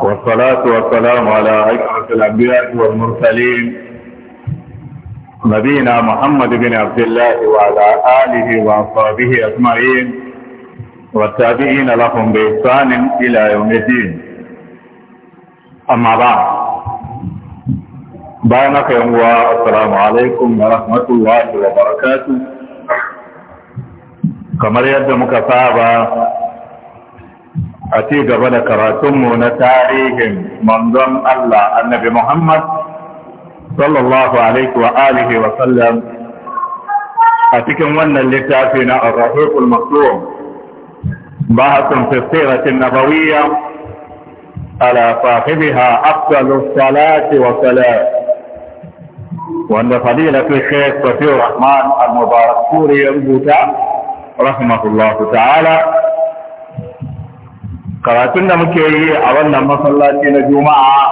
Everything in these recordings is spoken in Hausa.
والصلاة والسلام على أشرف الأنبياء والمرسلين نبينا محمد بن عبد الله وعلى آله وأصحابه أجمعين والتابعين لهم بإحسان إلى يوم الدين أما بعد بينك يوم السلام عليكم ورحمة الله وبركاته كما يبدو مكتابا a ci gaba da karatunmu na tarihin manzon Allah annabi Muhammad sallallahu alaihi wa alihi wa sallam a cikin wannan littafi na Ar-Rahiqul Maktum bahasun fi siratin nabawiyya ala sahibiha afdalu salati wa salam wanda fadilatu Sheikh Safi Rahman al-Mubarak Suri ya rubuta rahimahullahu ta'ala karatun da muke yi a wannan masallaci na juma'a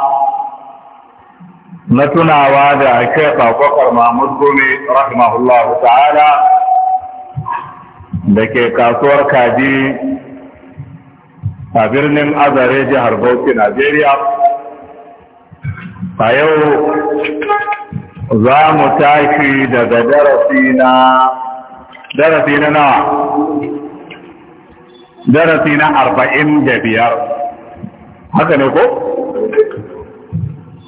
na tunawa da ake kwakwar mahmud gome rahimahullah ta'ala da ke kasuwar kaji a birnin azare jihar bauchi najeriya a yau za mu tashi daga darasi na darasi na nawa darasi na arba'in da biyar haka ne ko?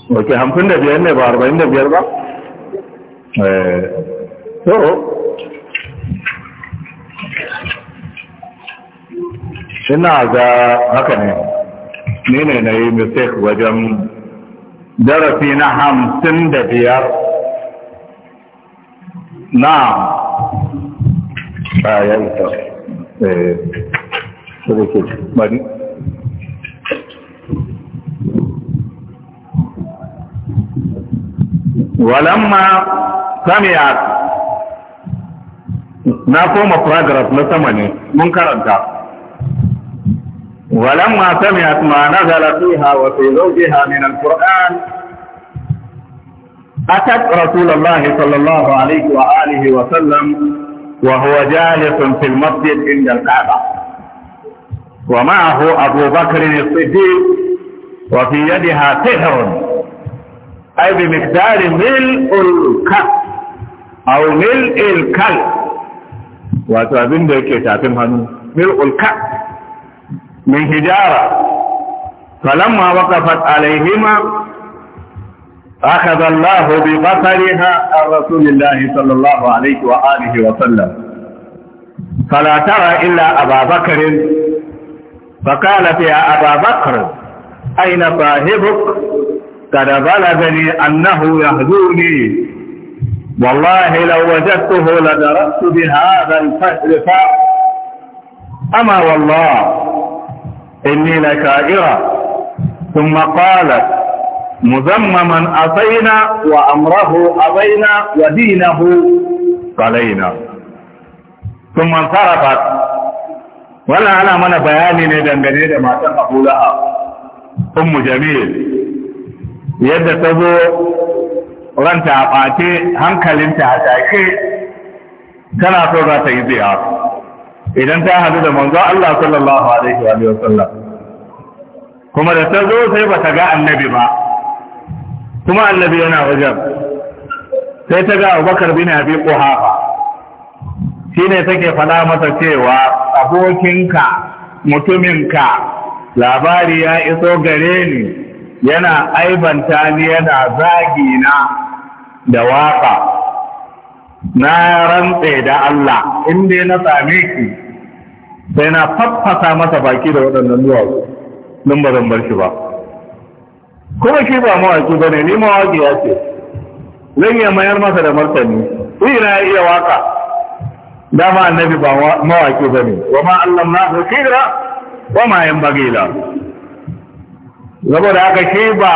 wace hamsin da biyar ne ba arba'in da biyar ba? so eh, ina ga haka ne ne ne na yi mistake wajen darasi na hamsin da biyar na bayan ah, ta saboda ke bari walamma sami'a na koma paragraph na sama ne mun karanta walamma sami'at ma nazala fiha wa fi zawjiha min al-qur'an atat rasulullahi sallallahu alaihi wa alihi wa sallam وهو جالس في المسجد عند الكعبه ومعه أبو بكر الصديق وفي يدها سحر أي بمقدار ملء الكأس أو ملء الكلب وتابين ذلك كتابين هنو ملء الكأس من حجارة فلما وقفت عليهما أخذ الله ببصرها عن رسول الله صلى الله عليه وآله وسلم فلا ترى إلا أبا بكر فقالت يا أبا بكر أين صاحبك قد بلغني أنه يهدوني والله لو وجدته لدرست بهذا الفاء أما والله إني لكائرة ثم قالت مذمما أطينا وأمره أضينا ودينه قلينا ثم انصرفت wannan ana mana bayani ne dangane da matan abu lahab ummu jamil yadda ta zo ranta a ɓace hankalinta a take tana so za ta yi ziyara idan ta hadu da manzo Allah sallallahu alaihi wa sallam kuma da ta zo sai ba ta ga annabi ba kuma annabi yana wajen sai ta ga abubakar bin abi quhafa shi ne take fada masa cewa abokinka mutuminka labari ya iso gare ni yana aibanta ni yana zagi na da waka na rantse da Allah inda na same ki sai na faffasa masa baki da waɗannan duwatsu don ba zan bar shi ba kuma shi ba mawaki ba ne ni mawaki ya ce zan iya mayar masa da martani ina iya waka dama annabi ba mawaki ba ne wa ma Allah na hukira wa ma yan bagila saboda haka shi ba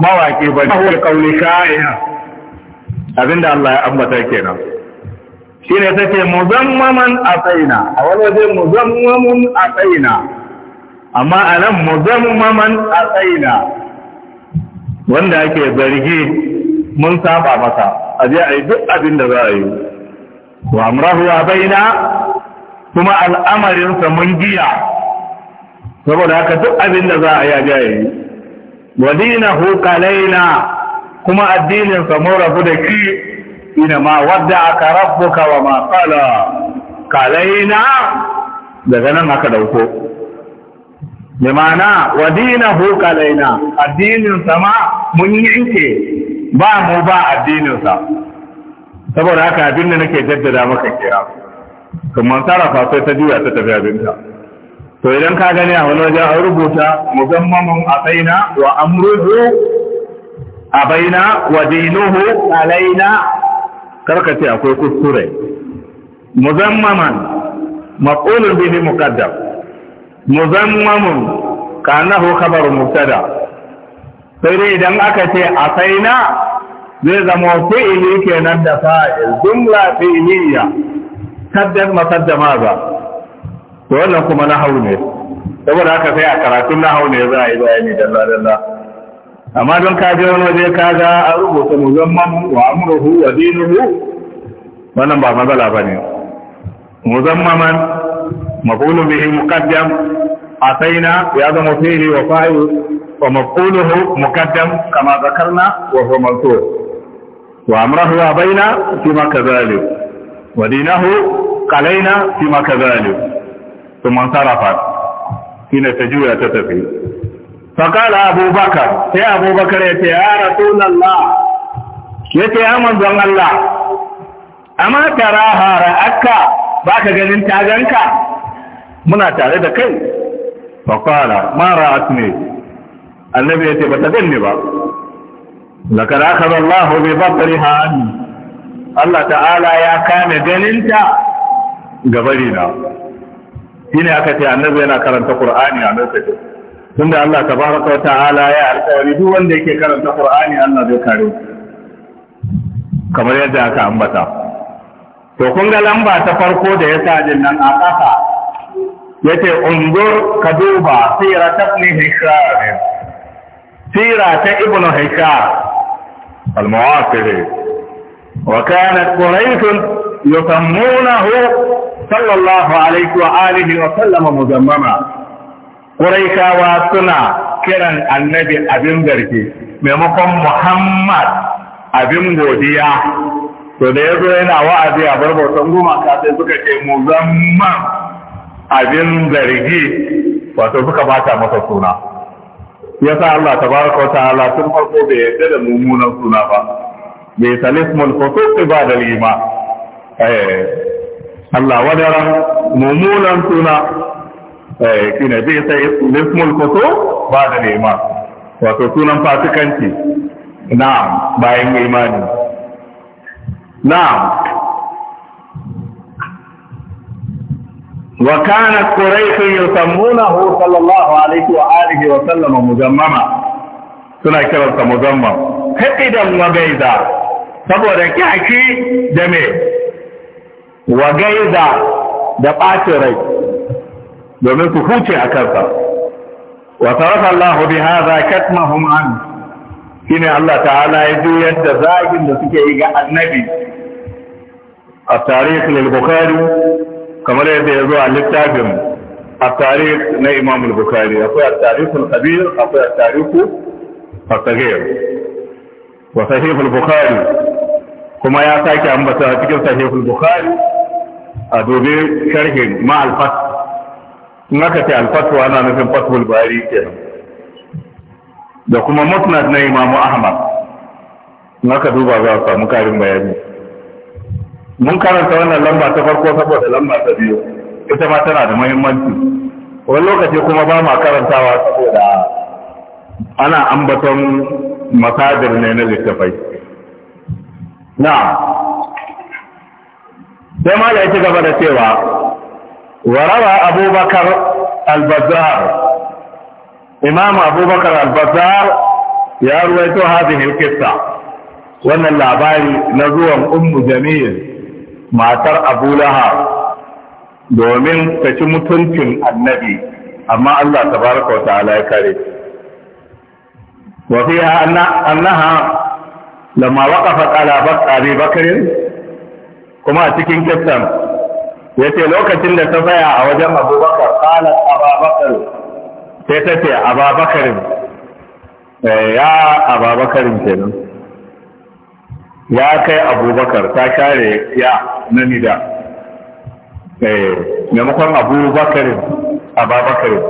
mawaki ba ne kawai kauli sha'ira abinda Allah ya ambata kenan shi ne ta ce muzammaman asaina a wani waje muzammamun asaina amma a nan muzammaman asaina wanda ake zargi mun saba masa a je a yi duk abin da za a yi wa amrahu wa baina kuma al'amarin sa mun giya saboda haka duk abin da za a yi ajaye yi wa kalaina kuma kuma addininsa mun rabu da ki ina ma wadda aka rabbuka wa ma qala kalaina daga nan aka dauko bi ma'ana wa kalaina addinin addininsa ma mun yanke ba mu ba addininsa saboda haka abin da nake jaddada maka kira kuma sarrafa sai ta juya ta tafi abinta to idan ka gani a wani wajen an rubuta muzammamun a baina wa amruhu a baina wa dinuhu alaina ce akwai kuskure muzammaman maqulun bihi muqaddam muzammamun kanahu khabaru mubtada sai dai idan aka ce a baina zai zama fi'ili kenan da fa'il jumla fi'iliya kaddar makaddama ba to wannan kuma na hau ne saboda haka sai a karatun na hau ne za a yi bayani dalla dalla amma don ka je wani waje ka ga an rubuta muzamman wa amruhu wa dinuhu wannan ba matsala ba ne muzammaman maqulun bihi muqaddam ataina ya zama fi'li wa fa'il ومقوله مقدم كما ذكرنا وهو منصوب wa amrahu wa baina fi ma kadhalik wa dinahu kalaina, fi ma kadhalik thumma sarafa kina ta juya ta tafi fa abubakar sai abubakar ya ce ya rasulullah yace ya manzon Allah amma taraha ra'aka baka ganin ta muna tare da kai fa qala ma ra'atni annabi yace bata ganni ba laqad akhadha Allahu bi dhabriha Allah ta'ala ya kame ganinta gabari na shine aka ce annabi yana karanta Qur'ani a lokacin tunda Allah tabaraka wa ta'ala ya alƙawari duk wanda yake karanta Qur'ani Allah zai kare kamar yadda aka ambata to kun ga lamba ta farko da ya sa din nan a ƙasa yace unzur ka duba sirat ibn hisham sira ta Ibnu Haika al-Mu'asir wa kanat Quraysh yusammunahu sallallahu alayhi wa wa sallam mujammama Quraysh wa kiran annabi abin garke maimakon Muhammad abin godiya to da yazo yana wa'azi a barbautan gumaka sai suka ce mujammama abin zargi wato suka bata masa suna ya sa Allah ta baraka wa ta'ala tun farko bai yarda da mummunan suna ba bai salismul fusuq ba da lima eh Allah wadara mummunan suna eh kina bai sai salismul fusuq ba da lima wato sunan fasikanci na bayan imani na. وكانت قريش يسمونه صلى الله عليه وآله وسلم مجمما suna kiransa muzamman haƙidan wagaiza saboda kyaki da me wagaiza da ɓacin rai domin ku huce a kansa wata rasa Allah bi haza katmahum an shine Allah ta'ala ya juyar da zagin da suke yi ga annabi a tarihi al-bukhari kamar yadda ya zo a littafin a tarih na imam al-bukhari akwai at-tarikh al-kabir akwai at-tarikh al-saghir wa sahih al-bukhari kuma ya sake ambata cikin sahih al-bukhari a dobe sharhin ma al-fath in aka ce al-fath wa ana nufin fathul bari kenan da kuma musnad na imam ahmad in aka duba za a samu karin bayani mun karanta wannan lamba ta farko saboda lamba ta biyu ita ma tana da muhimmanci wani lokaci kuma ba ma karantawa saboda ana ambaton masadir ne na littafai na sai ma da gaba da cewa warawa abubakar albazar imam abubakar albazar ya ruwaito hadihin kissa wannan labari na zuwan ummu Jami'in. matar abu lahab domin ta ci mutuncin annabi amma Allah tabaraka wa ta'ala ya kare wa fiha annaha lamma waqafat ala bakari bakarin, kuma a cikin Ya ce lokacin da ta tsaya a wajen abubakar qalat ababakar sai ta ce ababakar eh, ya ababakar kenan ya kai abubakar ta share ya na nida eh, maimakon abubakar ababakar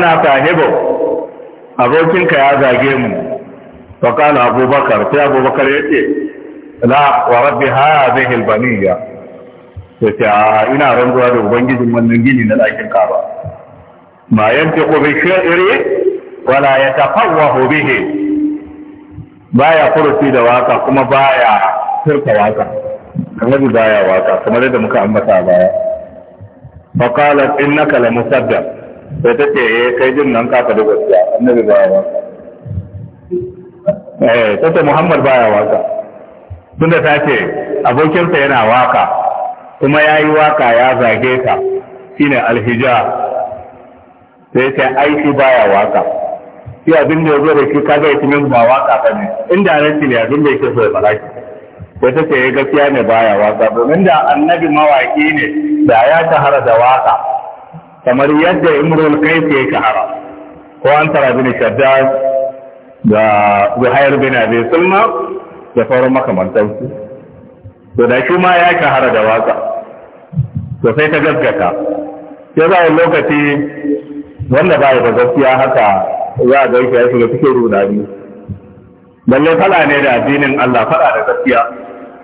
na ta hebo abokinka ya zage mu faƙala abubakar sai abubakar ya ce la wa rabbi haya zai hilbani ya ce a ina ranzuwa da ubangijin wannan gini na ɗakin kaba ma yanke ko bai shi wala ya tafawa he. baya furuci da waka kuma baya firka waka annabi baya waka kamar yadda muka ambata baya fa qala innaka la musaddaq sai ta eh kai din nan ka kada gaskiya annabi baya waka eh ta ce Muhammad baya waka tunda ta ce abokinsa yana waka kuma ya yi waka ya zage ka shine alhija sai ta aiki baya waka shi abin da ya zo da shi ka ga tunan ba waka ba ne inda nan ne abin da yake so ya balaki ko ta ce eh, gaskiya ne baya waka domin da annabi mawaki ne da ya shahara da waka kamar yadda imrul kais ya shahara ko an tara bin shaddad da zuhair bin abi sulma da sauran makamantansu to da shi ma ya shahara da waka to sai ta gaskata ya ga lokaci wanda ba da gaskiya haka za a gaishe ya shiga cikin rudani balle fada ne da addinin Allah fada da gaskiya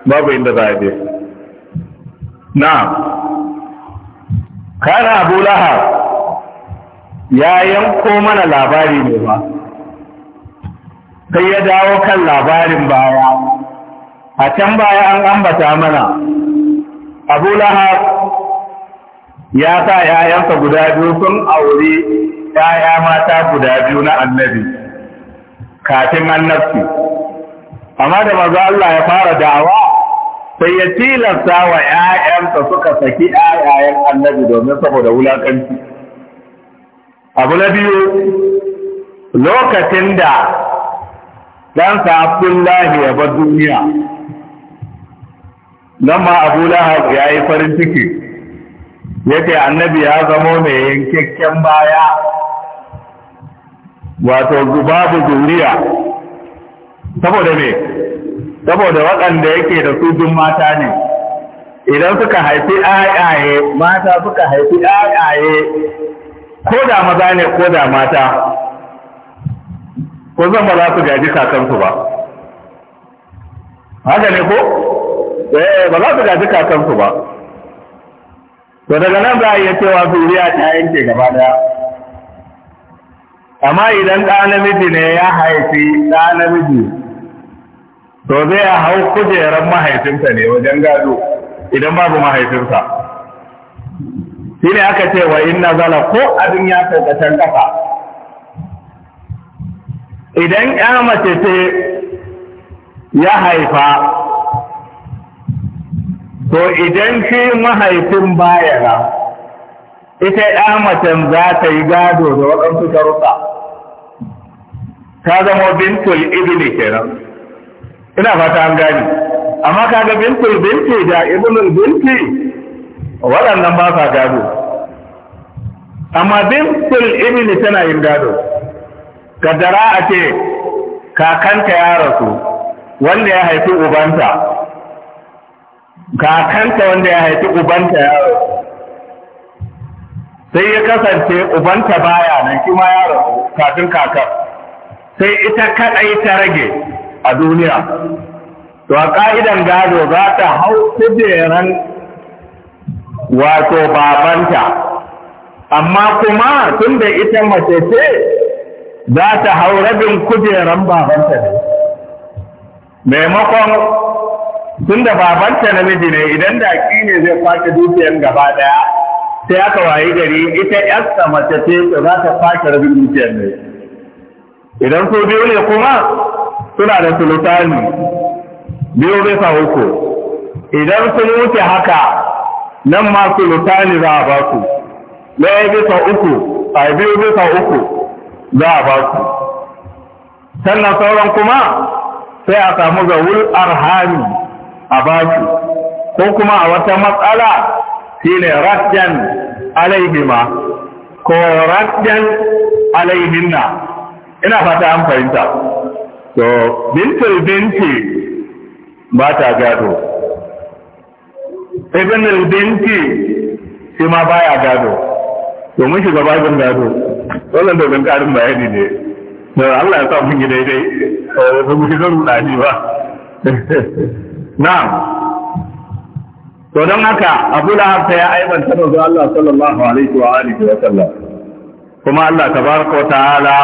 babu inda za a je na kana abu laha ya yanko mana labari ne ba sai ya dawo kan labarin baya a can baya an ambata mana abu laha ya sa ‘ya'yansa guda biyu sun aure ‘ya'ya mata guda biyu na annabi kafin annabci amma da maza Allah ya fara da'awa sai ya tilasta wa ‘ya'yansa suka saki ‘ya'yayen annabi domin saboda wulakanci abu na biyu lokacin da ɗansa abdullahi ya bar duniya nan ma abu lahab ya yi farin ciki yake annabi ya zamo mai yankakken baya wato babu zuriya saboda me saboda waɗanda yake da su jin mata ne idan suka haifi ayaye mata suka haifi ayaye ko da maza ne ko da mata ko zan ba za su gaji kakansu ba haka ne ko eh ba za su gaji kakansu ba to daga nan za a iya cewa zuriya ta yanke gaba daya amma idan ɗa namiji ne ya haifi ɗa namiji to zai hau kujerar mahaifinsa ne wajen gado idan babu mahaifinsa shi ne aka ce wa inna zala ko abin ya karkatan ƙasa idan ya mace ce ya haifa to idan shi mahaifin baya ita ya macen za ta yi gado da waɗansu sharuɗa ta zama bintul ibni kenan ina fata an gani. amma kaga bintul binti da ibnul binti waɗannan ba sa gado amma bintul ibni tana yin gado kaddara a ce kakanta ya rasu wanda ya haifi ubanta kakanta wanda ya haifi ubanta ya rasu sai ya kasance ubanta baya nan kima ya rasu kafin kakar sai ita kaɗai ta rage a duniya to a ƙa'idan gado za ta hau kujeran wato babanta amma kuma tun da ita mace ce za ta hau rabin kujeran babanta ne maimakon tun da babanta namiji ne idan da ne zai kwace dukiyar gaba ɗaya sai aka wayi gari ita 'yarsa mace ce za ta kwace rabin dukiyar ne idan su biyu ne kuma suna da sultani biyu bisa uku idan sun wuce haka nan ma sultani za a ba su ɗaya bisa uku a biyu bisa uku za a ba su sannan sauran kuma sai a samu zawul arhami a ba su ko kuma a wata matsala shine rajjan alaihima ko rajjan alaihinna ina fata an fahimta to bintul binti ba ta gado ibnul binti shi ma baya gado to mun shiga babin gado wannan dogon karin bayani ne to Allah ya sa mun yi daidai ba mu shiga rudani ba na'am to don haka Abu Lahab ya aibanta manzo Allah sallallahu alaihi wa alihi wa sallam kuma Allah tabaraka wa ta'ala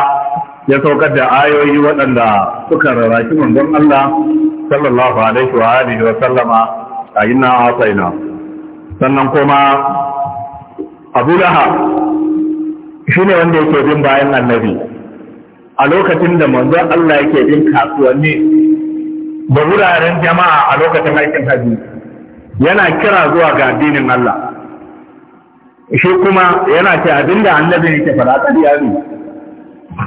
ya saukar da ayoyi waɗanda suka rarraki mundun Allah sallallahu alaihi wa alihi wa sallama a inna asaina sannan kuma Abu shi ne wanda yake bin bayan Annabi a lokacin da manzon Allah yake bin kasuwanni da wuraren jama'a a lokacin aikin haji yana kira zuwa ga addinin Allah shi kuma yana ce abinda annabi yake fara kadiyari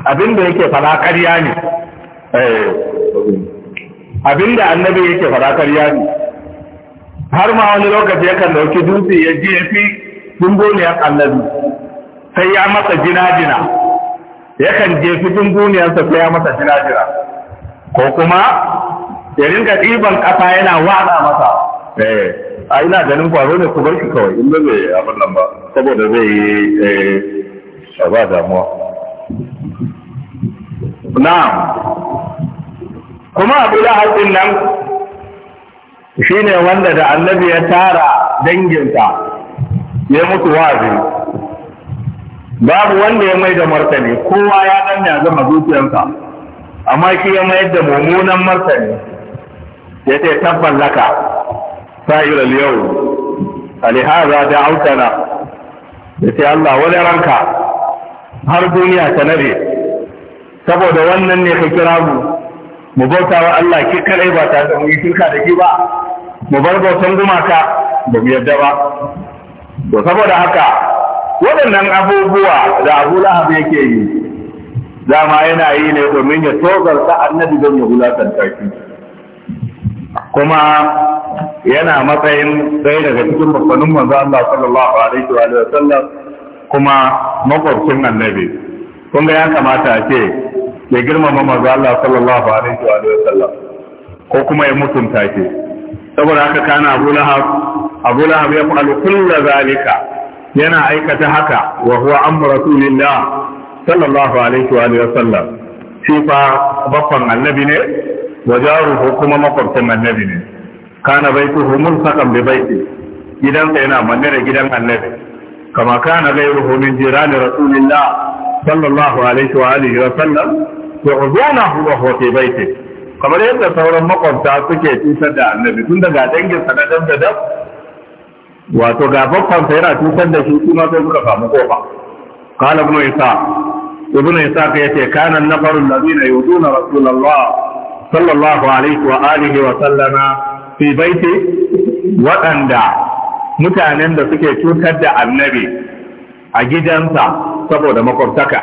abinda yake fara ƙarya ne eh. abinda annabi yake fara ƙarya ne har ma wani lokaci yakan dauki dutse ya je ya fi dunguniyar annabi sai ya masa jina-jina yakan je fi sa sai ya masa jina-jina ko kuma ya rinka ɗiban ƙasa yana wada masa eh. a ina ganin kwaro ne ku bar shi kawai in ba zai abin nan ba saboda zai yi eh, ba damuwa na'am kuma abu da din nan Shi ne wanda da annabi ya tara danginsa ya mutu wazi babu wanda ya mai da martani kowa ya danya zama zuciyarsa amma shi ya mayar da mummunan martani ya ce tabban laka sa'ir al-yau alihaza da autana ya ce Allah wani ranka har duniya ta nare saboda wannan ne ka kira mu mu bauta wa Allah ki kadai ba ta da mu shirka da ki ba mu bar bautan gumaka ba mu yarda ba to saboda haka waɗannan abubuwa da Abu Lahab yake yi dama yana yi ne domin ya tozarta annabi don ya wulakanta shi kuma yana matsayin ɗaya daga cikin babbanin manzo Allah sallallahu alaihi wa sallam kuma makwabcin annabi kun ga ya kamata a ce ya girmama manzo Allah sallallahu alaihi wa sallam ko kuma ya mutunta shi saboda haka kana Abu Lahab Abu Lahab ya fa'alu kullu zalika yana aikata haka wa huwa amru rasulillah sallallahu alaihi wa sallam shi fa baffan annabi ne wa jaruhu kuma makwabcin annabi ne kana baituhu mulsaqan bi baiti gidansa yana manne da gidan annabi kama kana gairuhu min jirani rasulillah صلى الله عليه وآله وسلم تعظونه وهو في بيته كما يبدأ صورا مقر تعطيكي تسدى النبي كنت قاعد تنجل سنة دم دم وتقابقا سيرا تسدى شيء ما تبقى مقوقا قال ابن إساء ابن إساء قيته كان النفر الذين يؤذون رسول الله صلى الله عليه وآله وسلم في بيته وأندع متى نمد سكي تسدى النبي a gidansa saboda makwabtaka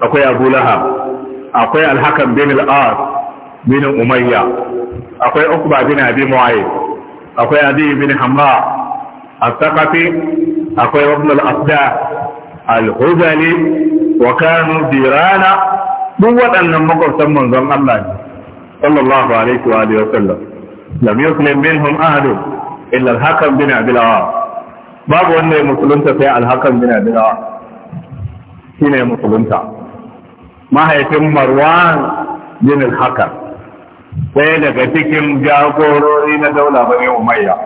akwai abu lahab akwai alhakan bin al'ad bin umayya akwai ukba bin abi mu'ayyib akwai abi bin hamma al-thaqafi akwai ibn al-asda al dirana duk waɗannan makwabtan manzon Allah ne sallallahu alaihi wa sallam lam yuslim minhum ahadun illa al-hakam bin abi babu wanda ya musulunta sai alhakan bin abinawa shi ne musulunta mahaifin marwan bin alhakan sai daga cikin jagorori na daula bane umayya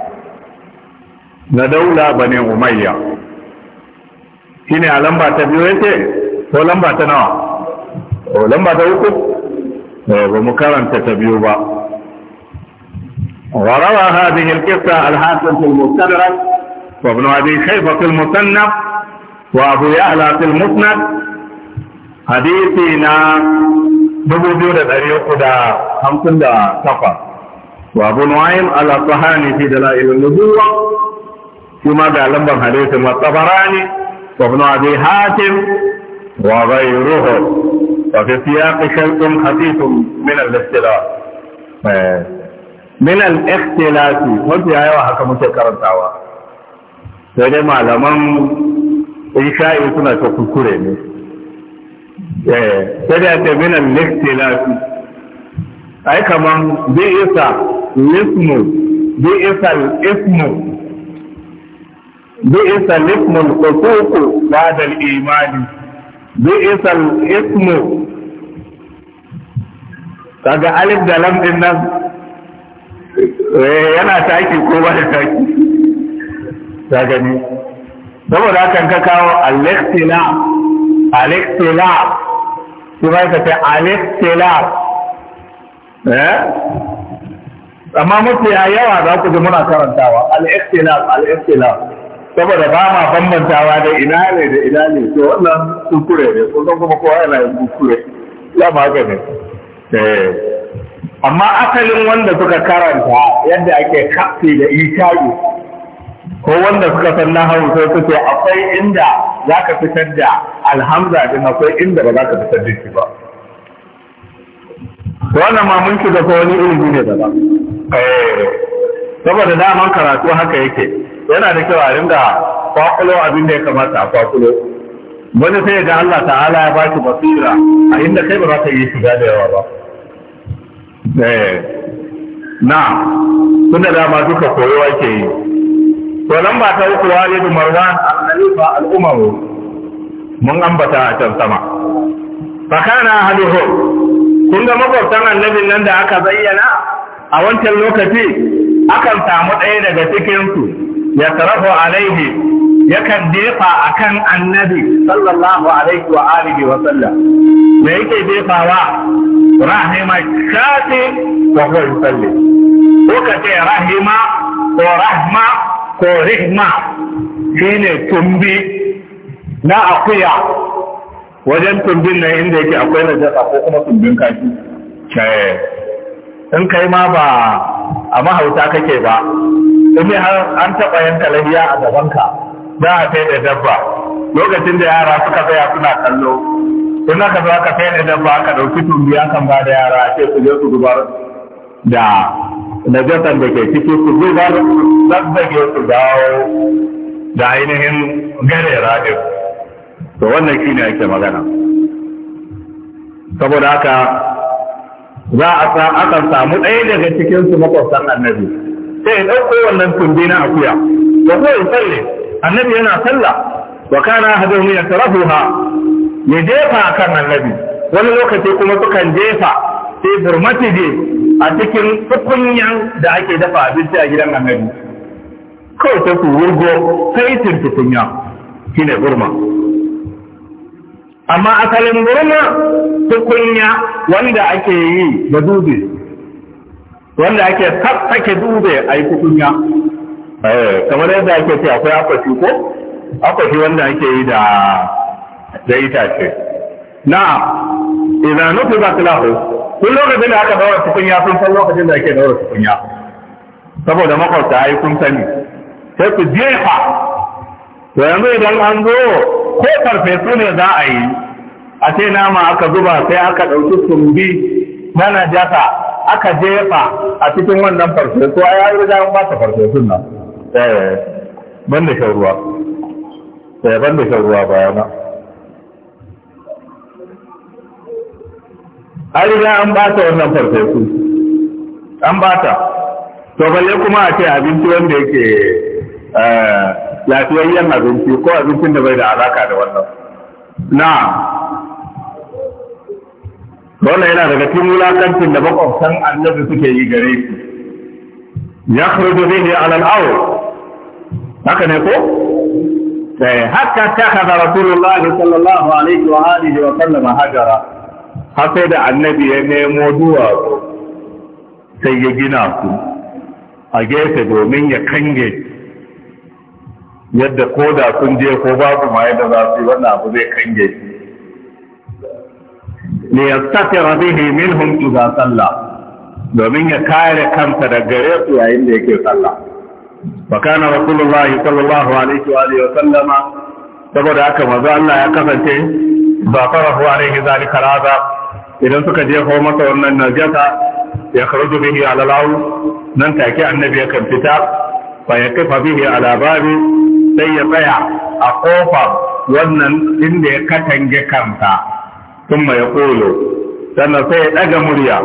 na daula bane umayya shi ne a lamba ta biyu yake ko lamba ta nawa ko lamba ta uku eh, ba mu karanta ta biyu ba وروى هذه القصة الحاكم في المستدرك وابن أبي شيبة في المصنف وأبو يعلى في المسند حديثنا بوجود دبو دا خمسن دا كفا وأبو نعيم على الصحاني في دلائل النبوة كما دا لمبا حديث والطبراني وابن أبي حاتم وغيره وفي سياق شرط خفيف من الاختلاف آه. من الاختلاف وفي أيوة حكمت كرنتاوا sai dai malaman sha'i suna ta kuskure ne eh, sai dai a ce minan listilafi ai kaman bi isa lismu bi isa ismu bi isa lismul kusuku ba da imani bi isa ismu kaga alif da lamɗin nan eh, yana taki ko ba da taki ta gani saboda hakan ka kawo alexila alexila shi ba ka ce alexila eh amma ya yawa za ku ji muna karantawa alexila alexila saboda ba ma bambantawa da ina ne da ina ne to wannan kukure ne don kuma kowa yana yin kukure ya ma haka ne amma asalin wanda suka karanta yadda ake kafi da ita ko wanda suka san nahawu sai ce akwai inda za ka fitar da alhamza din akwai inda ba za ka fitar da shi ba wannan ma mun shiga ko wani ilimi ne da ba eh, saboda daman karatu haka yake yana da kyau a ringa kwakulo abin da ya kamata a kwakulo wani sai ga Allah ta'ala ya ba shi basira a inda kai ba za ka yi shiga da yawa ba eh, na suna dama duka koyowa ke yi to ba ta uku walidu marwan al-khalifa al-umawi mun ambata a can sama fa kana haduhu kun ga makwabtan annabin nan da aka zayyana a wancan lokaci akan samu ɗaya daga cikin su ya tarafu alaihi yakan defa akan annabi sallallahu alaihi wa alihi wa sallam me yake defawa rahima shafi wa huwa yusalli ko ka ce rahima ko rahma ko rihma shi ne tumbi na akuya wajen tumbin na inda yake akwai na jasa ko kuma tumbin kashi shaye eh, in kai ma ba a mahauta kake ba in har an taɓa yanka lahiya a gabanka za a kai da dabba lokacin da yara suka tsaya suna kallo in aka zaka aka da dabba aka ɗauki tumbi akan ba da yara a ce su je su dubar da najasan da ke cikin su zubar zazzage su dawo da ainihin gare raɗin to wannan shi ne ake magana saboda haka za a sa akan samu ɗaya daga cikin su makwasan annabi sai ya ɗauko wannan tumbi na akuya wa huwa tsalle annabi yana sallah wa kana hadahum yasrafuha ya jefa akan annabi wani lokaci kuma sukan jefa fi burmatide a cikin tukunyan da ake dafa abinci a gidan annabi kawai ta ku wurgo sai tukunya shine burma amma asalin burma tukunya wanda ake yi da dube wanda ake sassake dube a yi tukunya eh, kamar yadda ake ce akwai akwashi ko akwashi wanda ake yi da da itace na idan nufi ba lahu kun lokacin da aka daura tukunya kun san lokacin da ake daura tukunya saboda makwabta ai kun sani sai ku jefa to yanzu idan an zo ko farfesu ne za a yi a ce nama aka zuba sai aka ɗauki sumbi na najasa aka jefa a cikin wannan farfesu a yayi riga an bata farfesun nan eh, ban da shan ruwa eh, ban da shan ruwa bayana an riga an ba ta wannan farfesu an ba ta to balle kuma a ce abinci wanda yake eh, lafiyayyen abinci ko abincin da bai da alaka da wannan na wannan yana daga cikin wulakancin da makwabtan annabi suke yi gare shi ya kurdu bihi alal awl haka ne ko sai eh, haka ta kaza rasulullahi sallallahu alaihi wa alihi wa sallama hajara har sai da annabi ya nemo duwatsu sai ya gina su a gefe domin ya kange yadda ko da sun je ko babu ma yadda za su yi wannan abu zai kange shi ne ya tafi rabihi minhum za sallah domin ya kare kanta da gare su yayin da yake sallah wa kana rasulullahi sallallahu alaihi wa alihi wa sallama saboda haka manzo Allah ya kasance ba farahu alaihi zalika azab idan suka je jefo masa wannan najasa ya kharaju bihi ala lawu nan take annabi ya kan fita fa ya kafa bihi ala babi sai ya tsaya a kofa wannan inda ya katange kanta kuma ya kolo sannan sai ya ɗaga murya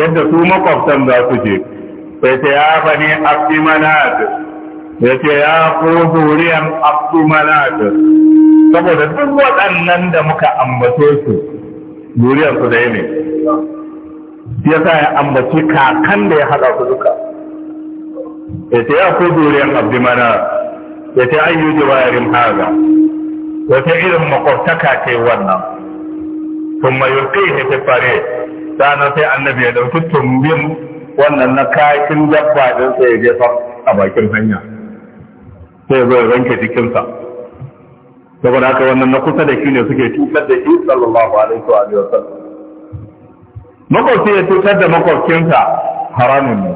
yadda su makwabtan za su je sai ta ya bani abdimanat ya ce ya kofu zuriyan abdimanat saboda duk waɗannan da muka ambato su zuriyarsu da ya ne ya sa ya ambaci kakan da ya haɗa su duka ya ce ya ko zuriyar mana ya ce an yi jiwayarin haza ce irin makwabtaka ce wannan sun mayurki ya ce fare na sai annabi ya ɗauki tumbin wannan na kakin dabba ɗinsa ya jefa a bakin hanya sai zai ranke jikinsa saboda haka wannan na kusa da shi ne suke cutar da shi sallallahu alaihi wa sallam makwabci ya cutar da makwabcinsa haramun ne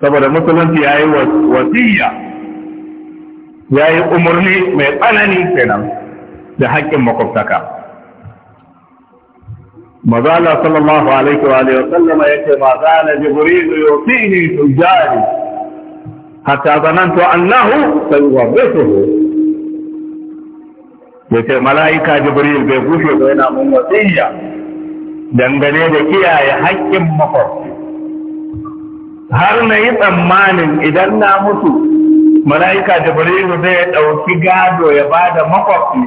saboda musulunci ya yi wasiya ya yi umarni mai tsanani kenan da haƙƙin makwabtaka mazala sallallahu alaihi wa alihi sallama yace mazala jibril yusihi tujari hatta zanantu annahu sayuwabbisuhu ya ce mala'ika jibril bai gushe ba yana mun wasiya dangane da kiyaye haƙƙin mafarki har na yi tsammanin idan na mutu mala'ika jibril zai ɗauki gado ya ba da mafarki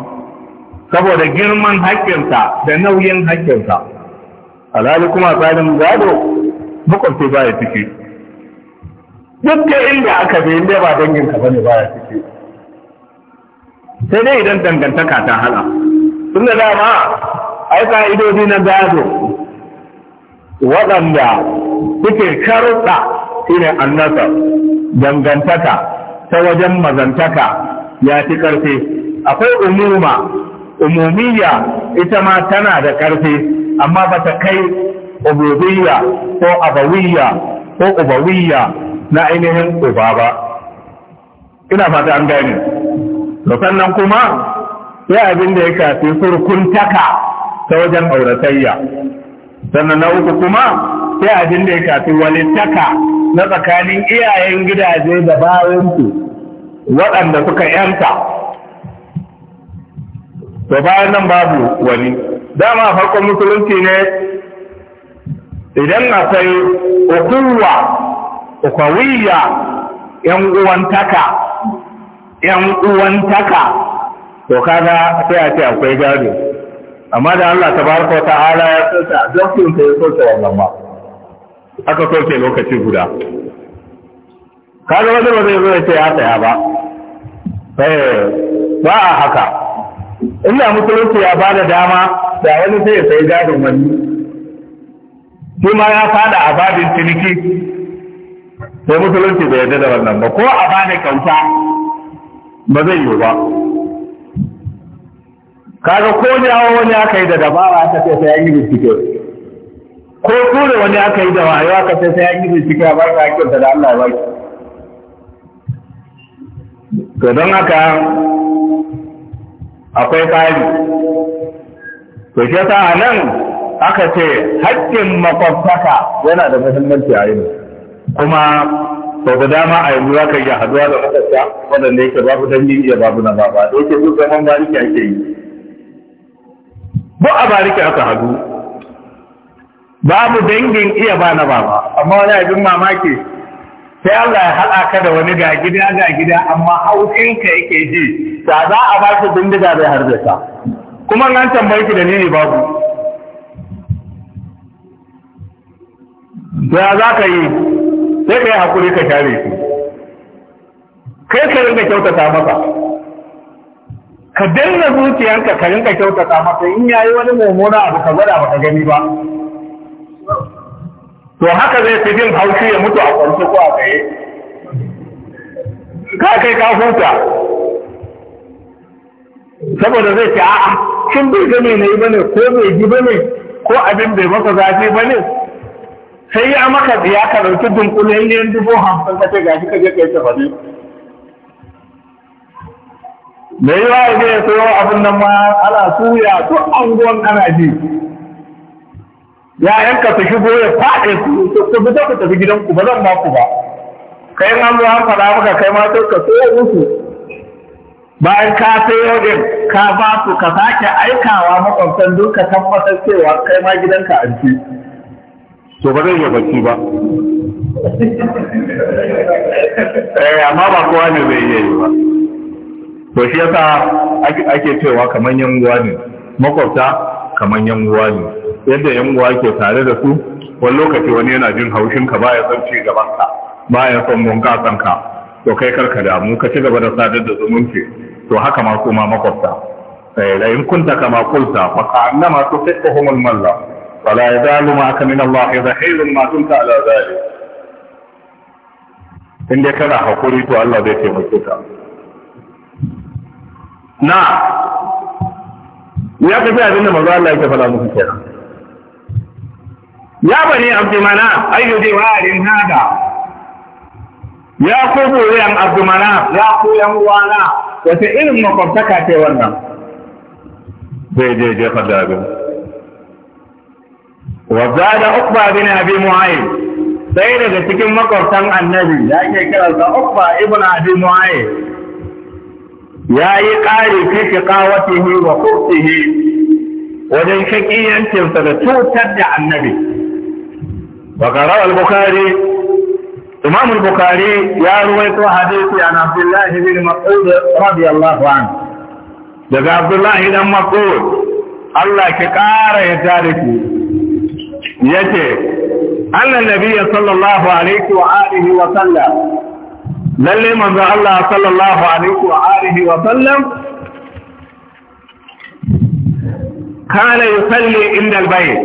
saboda girman haƙƙinsa da nauyin haƙƙinsa alhali kuma tsarin gado makwabci ba ya ciki duk da inda aka bi inda ba danginka ba ne ba ya ciki sai dai idan dangantaka ta hana tun da dama ai ka'idodi na gado waɗanda suke karuɗa shine annasa dangantaka ta wajen mazantaka ya fi ƙarfi akwai umuma umumiyya ita ma tana da ƙarfi amma ba ta kai ubudiyya ko abawiyya ko ubawiyya na ainihin uba ba ina fata an gani da sannan kuma sai abin da ya kafi surkuntaka ta wajen auratayya sannan na uku kuma sai abin da ya kafi walittaka na tsakanin iyayen gidaje da bayansu waɗanda suka yanta to bayan nan babu wani dama farkon musulunci ne idan akwai ukuwa ukawiyya yan uwantaka yan taka. to kada sai a ce akwai gado amma da Allah ta tabaraka ta'ala ya a dokin ta ya tsota wannan ba aka soke lokaci guda Kada wajen wajen zai ce ya tsaya ba eh, ba a haka Ina musulunci ya ba da dama da wani sai ya sai gadon wani shi ma ya fada a babin ciniki sai musulunci bai yarda da wannan ba ko a da kyauta ba zai yi ba kaga ko jawo wani aka yi da dabara aka sai sai yi bincike ko tura wani aka yi da wayo aka sai sai yi bincike a barka ka da Allah ya baki to don haka akwai tsari to shi yasa a nan aka ce haƙƙin makwabtaka yana da muhimmanci a yi kuma to da dama a yanzu za ka iya haduwa da matasa waɗanda yake babu dan iya babu na baba da yake duk zaman bariki ake yi ba a bariki aka hadu babu dangin iya ba na baba amma wani abin mamaki sai Allah ya haɗa ka da wani ga gida ga gida amma ka yake ji da za a ba shi bindiga bai harbe kuma an tambayi ki da ni ne babu da za ka yi sai ka yi hakuri ka share su kai ka rinka kyautata masa ka danna zuciyarka ka rinka kyautata masa in yayi wani mummuna abu ka gwada baka gani ba to haka zai fi jin haushi ya mutu a kwance ko a tsaye ka kai ka huta saboda zai ce a'a kin bai gane ne bane ko bai ji bane ko abin bai masa zafi bane sai ya maka biya ka ɗauki yin dubu hamsin kace ga shi kaje kai tafi me yiwa ya je ya sayo abin nan ma ala suya duk anguwan ana ji Ya ka su shigo ya faɗe su ku bi ku tafi gidanku ba zan ba ku ba kai an zo an faɗa maka kai ma sai ka so musu bayan ka sayo din ka ba su ka sake aikawa makwabtan duka tabbatar cewa kai ma gidanka an ci to ba zai yi bacci ba eh amma ba kowa ne zai iya yi ba to shi yasa ake cewa kamar yan uwa ne makwabta kaman yan uwa ne yadda yan uwa ke tare da su wani lokaci wani yana jin haushin ka baya son ci gaban ka baya son mun ka san ka to kai karka damu ka ci gaba da sadar da zumunci to haka ma kuma makwabta eh, la in kunta kama qulta fa ka'annama tufiqhum al-malla ولا يزال معك من الله ظهير ما دمت على ذلك in dai kana haƙuri to Allah zai taimake ka na ya kafi abin da manzo Allah yake fara muku kenan ya bani abdumana ayyu dai warin hada ya ku buyan abdumana ya ku yan uwana wata irin makwabtaka ce wannan zai je jefa da abin وزاد أقبى بن أبي معين sai daga cikin makwabtan annabi ya ke kiransa Uqba ibn Abi Mu'ayyid ya yi ƙari fi shiqawatihi wa kursihi wajen shakiyancinsa da cutar da annabi wa qara al-Bukhari Imam al-Bukhari ya ruwaito hadisi an Abdullah ibn Mas'ud radiyallahu anhu daga Abdullah ibn Mas'ud Allah ki ƙara ya tarihi yake annan nabiyya sallallahu alaihi wa alihi wa sallam lalle manzo Allah sallallahu alaihi wa alihi wa sallam kana yusalli inda albayt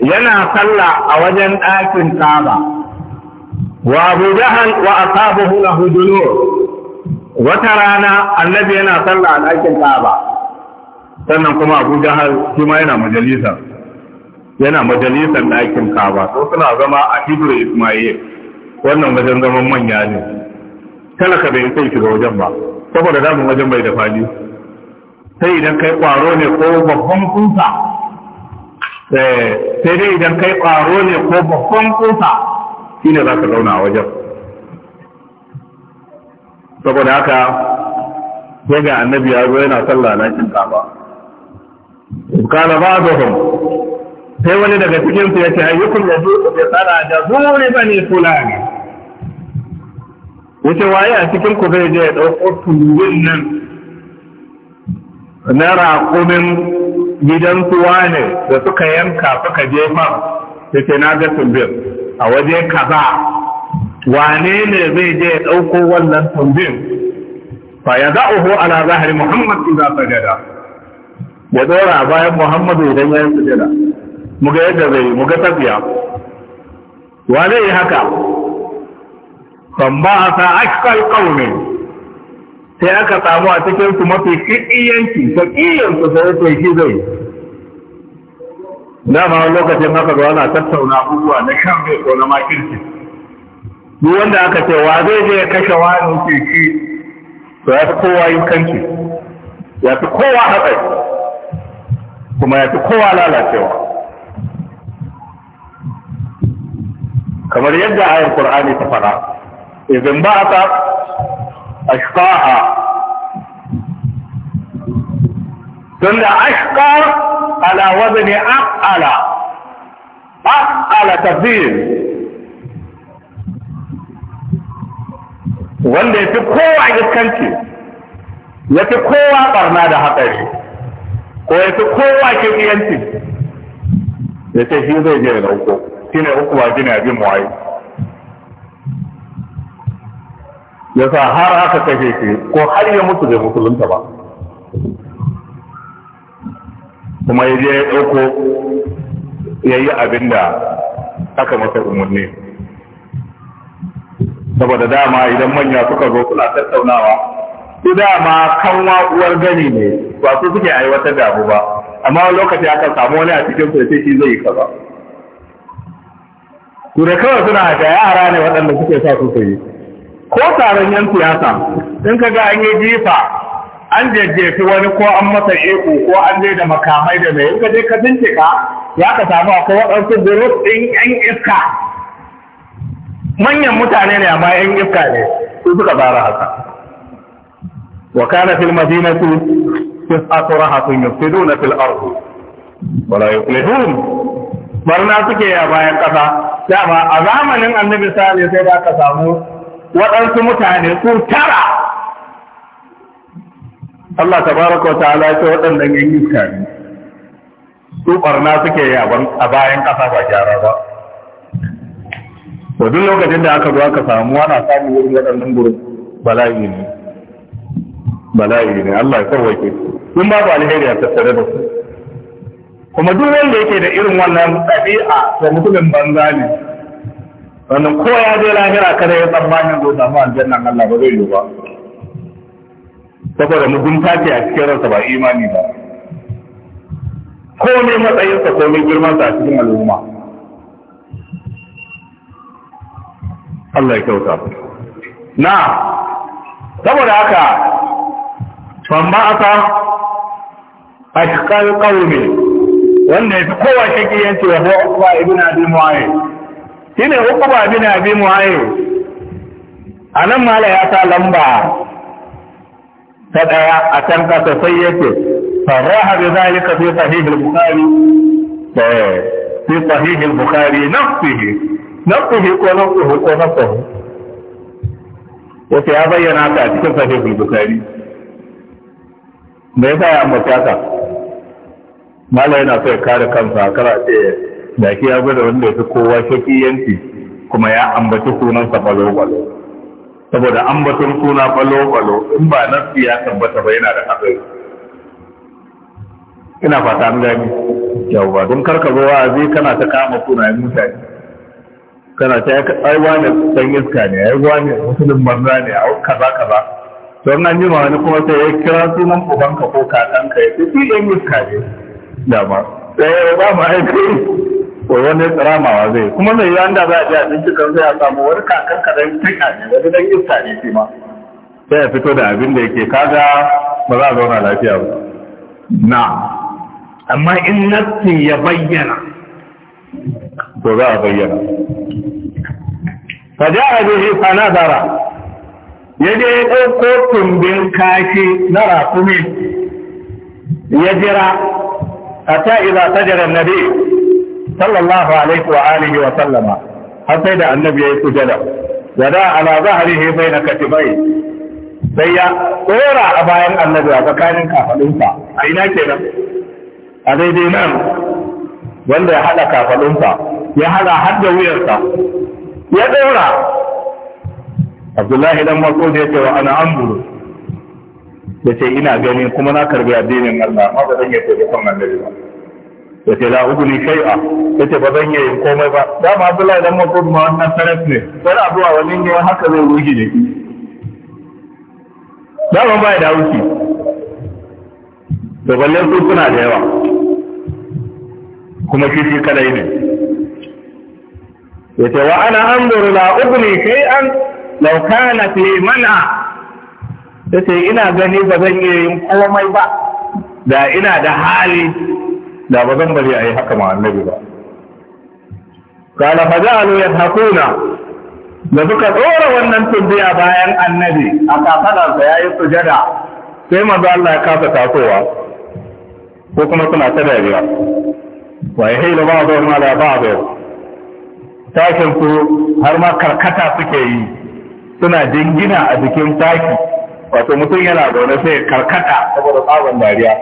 yana salla a wajen dakin kaba wa Abu Jahal wa asabahu lahu junur wata rana annabi yana salla a dakin kaba sannan kuma Abu Jahal shi ma yana majalisa yana majalisar ɗakin kaba ko suna zama a hibir ismail wannan wajen zaman manya ne talaka bai sai shiga wajen ba saboda damun wajen bai da fali sai idan kai ƙwaro ne ko babban kusa eh, sai dai idan kai ƙwaro ne ko babban kusa shine za ka zauna a wajen saboda haka sai ga annabi ya zo yana sallah na kin kaba kana ba da sai wani daga cikin su yace ayyukum su bai tsara da zuri bani fulani yace waye a cikin ku zai je ya dauko tulun nan na raƙumin gidan suwa ne da suka yanka suka jefa ce na ga tumbir a waje kaza wane ne zai je ya dauko wannan tumbin fa ya za'uhu ala zahiri muhammad idza sajada ya dora bayan muhammadu idan ya sujada mu ga yadda zai mu ga tafiya wa zai haka famba a sa akal qaumin sai aka samu a cikin su mafi kiyanci ta su sai ta yi zai na ma lokacin haka ga ana tattauna abubuwa na shan bai ko na makirci Ni wanda aka ce wa zai je ya kashe wani ce shi to ya fi kowa yin kanki ya fi kowa hatsari kuma ya fi kowa lalacewa kamar yadda ayar qur'ani ta fara idan ba ta ashqaha tunda ashqa ala wazni aqala aqala tabdil wanda ya fi kowa iskanci ya fi kowa barna da hatsari ko ya fi kowa kiyanci ya ce shi zai je da uku shine ukuba bin abin Ya sa har aka kashe shi ko har ya mutu bai musulunta ba kuma ya je ya ɗauko ya yi abin da aka masa umarni saboda dama idan manya suka zo suna tattaunawa su dama kanwa uwar gani ne ba su suke aiwatar da abu ba amma lokaci aka samu wani a cikin su ya shi zai yi kaza su kawai suna haka yara ne waɗanda suke sa su yi ko taron yan siyasa in ka ga an yi jifa an jajjefi wani ko an masa iko ko an zai da makamai da mai in ka je ka bincika ya ka samu a akwai waɗansu gurus ɗin yan iska manyan mutane ne amma yan iska ne su suka fara haka wa kana fil madinatu tis'atu rahatun yufsiduna fil ardi wa la yuflihun barna suke a bayan ƙasa dama a zamanin annabi sale sai da ka samu waɗansu mutane su tara Allah tabaraka wa ta'ala ya ce waɗannan yan iska ne su barna suke yi a bayan ƙasa ba gyara ba to duk lokacin da aka zo aka samu ana samun wurin waɗannan gurin bala'i ne bala'i ne Allah ya ke, sun babu alheri a tattare da su kuma duk wanda yake da irin wannan ɗabi'a da mutumin banza ne wannan ko ya je lahira kada ya tsammanin zo samu aljannan Allah ba zai yi ba saboda mugunta ce a cikin rasa ba imani ba ko ne matsayinsa ko ne girmansa a cikin al'umma Allah ya kyauta na saboda haka ban ba aka ashqal qaumi wanda ya fi kowa shaki ya ce wa ukuba ibn abi muayyid shine ukuba ibn abi muayyid anan mala ya sa lamba ta daya a can kasa sai yake sarraha bi zalika fi sahih al-bukhari eh, fi sahih al-bukhari nafsihi nafsihi ko nafsihi ko nafsihi wace ya bayyana ta cikin sahih al-bukhari me yasa ya ambata mala yana so ya kare kansa kara ce da ke ya gwada wanda ya fi kowa shakiyanci kuma ya ambaci sunansa balo-balo saboda ambaton suna balo-balo in ba na ya tabbata ba yana da hatsari ina fata an gani ba don karka zo zai kana ta kama sunayen mutane kana ta ai ne dan iska ne ai ne musulun marna ne a kaza kaza to wannan yi ma wani kuma sai ya kira sunan ubanka ko kakanka ya fi shi iska ne dama sai eh, ba mu aiki ko wani ramawa zai kuma mai yi wanda za a ji a bincikan zai a samu wani kakan kadan tuka ne wani dan iska ne shi ma sai ya fito da abin da yake kaga ba za a zauna lafiya ba na amma in nassin ya bayyana to za a bayyana fa ja'a bihi fa nadara ya je ya ɗauko tumbin kashi na rakumi ya jira A ta'iza sajada nabi sallallahu alaihi wa wa sallama har sai da annabi yayi sujada wada ala katibai sai ya tsora a bayan annabi a tsakanin kafadunsa a ina kenan a daidai nan wanda ya haɗa kafadunsa ya hada har da wuyarsa ya tsora Abdullahi dan Mas'ud ya ce wa ana ya ce ina gani kuma na karbi addinin Allah amma ba zan yi taimakon annabi ba ya ce la uguni shay'a ya ce ba zan yi komai ba dama Abdullahi dan Mas'ud ma wannan sarat ne sai abuwa wani ne haka zai ruhi ne dama ba da wuki to balle su suna da yawa kuma shi shi kadai ne ya ce wa ana anzuru la uguni shay'an laukana fi man'a ta ce ina gani ba zan iya yin komai ba da ina da hali da ba zan bari a yi haka ma annabi ba kala fajalu ya Hakuna. da suka tsora wannan tumbiya bayan annabi a kafadarsa ya yi sujada sai manzo Allah ya kasa tasowa ko kuma suna ta dariya wa ya haila ba da ma da ba da tashin su har ma karkata suke yi suna dingina a jikin taki wato mutum yana zaune sai karkata saboda tsaban dariya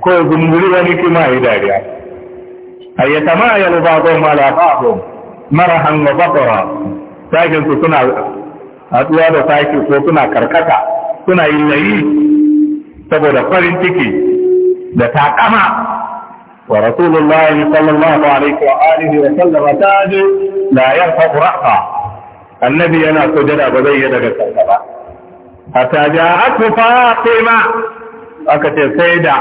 ko zumburi wani kima yi dariya ayyata ma yalu ba zo mala ba'dhum marahan Mara baqara sakin su suna haɗuwa da saki ko suna karkata suna yi layi saboda farin ciki da takama ورسول الله صلى الله عليه ta وسلم تاج لا Annabi yana النبي أنا zai yi daga السلام hatta ja'atu fatima aka ce sai da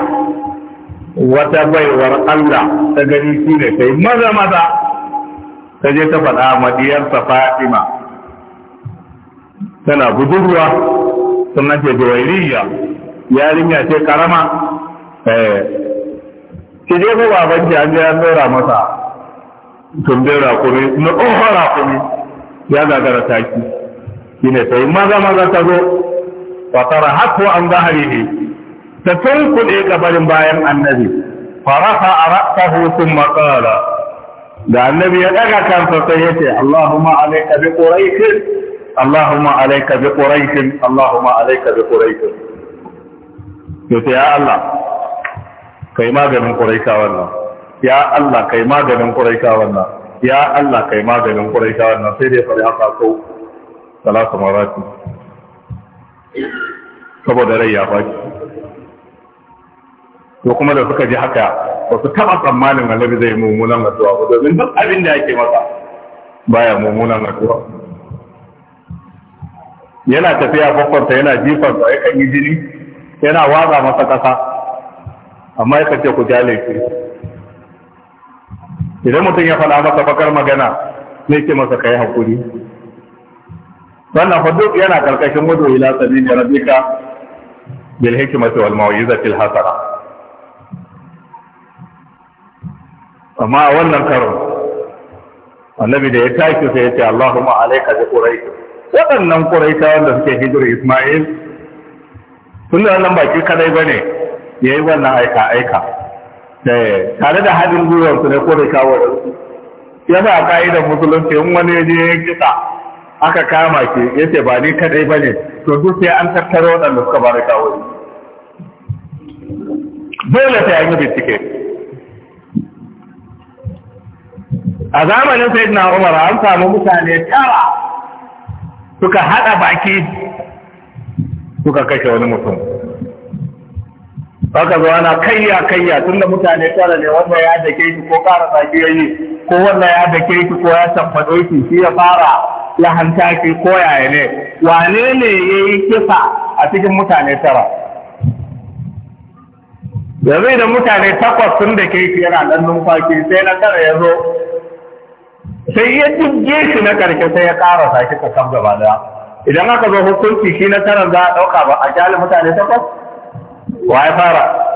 wata baiwar Allah ta gani shi ne sai maza maza ta je ta faɗa madiyarsa fatima tana budurwa suna ce juwairiyya yarinya ce karama ee ki je ko baban ki an je an dora masa tumbin rakumi na ƙofar rakumi ya gagara taki ne sai maza maza ta zo wa tarahatu an zahrihi ta tunkuɗe kabarin bayan annabi farafa ra'sahu thumma matsala. da annabi ya ɗaga kansa sai ya yace Allahumma alayka bi quraish Allahumma alayka bi quraish Allahumma alayka bi quraish yace ya Allah kai maganin quraisha wannan ya Allah kai maganin quraisha wannan ya Allah kai maganin quraisha wannan sai dai fara haka ko salatu marati saboda rai ya baki to kuma da suka ji haka ba su taɓa tsammanin annabi zai mummunan addu'a ba domin duk abin da yake masa baya mummunan addu'a yana tafiya kwakwarta, yana jifar da yakan yi jini yana waza masa ƙasa amma ya kace ku jale shi idan mutum ya faɗa masa bakar magana sai ce masa kai hakuri wannan fa duk yana karkashin wudu ila sabili rabbika bil hikmati wal mawizati al hasana amma a wannan karo annabi da ya tashi sai ya ce Allahumma alayka bi quraish waɗannan quraishawan da suke hijira Isma'il tun da wannan baki kadai bane yayi wannan aika aika eh, tare da hadin gwiwar su ne quraishawan yasa a ka'idar musulunci in wani ya je ya kisa aka kama ki yace ba ni kadai bane to duk sai an tattaro waɗanda suka bada kawo dole sai an yi bincike a zamanin sayyidina Umar an samu mutane tara suka hada baki suka kashe wani mutum Baka zo ana kayya kayya tunda mutane tara ne wanda ya dake shi ko ƙara sakiyayi ko wanda ya dake shi ko ya tambaɗo shi shi ya fara lahanta ke koyaye ne wane ne ya yi kisa a cikin mutane tara yanzu da mutane takwas sun da ke shi yana ɗan numfashi sai na tara ya zo sai ya jibge shi na ƙarshe sai ya ƙara sa shi kakam gaba da. idan aka zo hukunci shi na tara za a ɗauka ba a kyale mutane takwas wa ya fara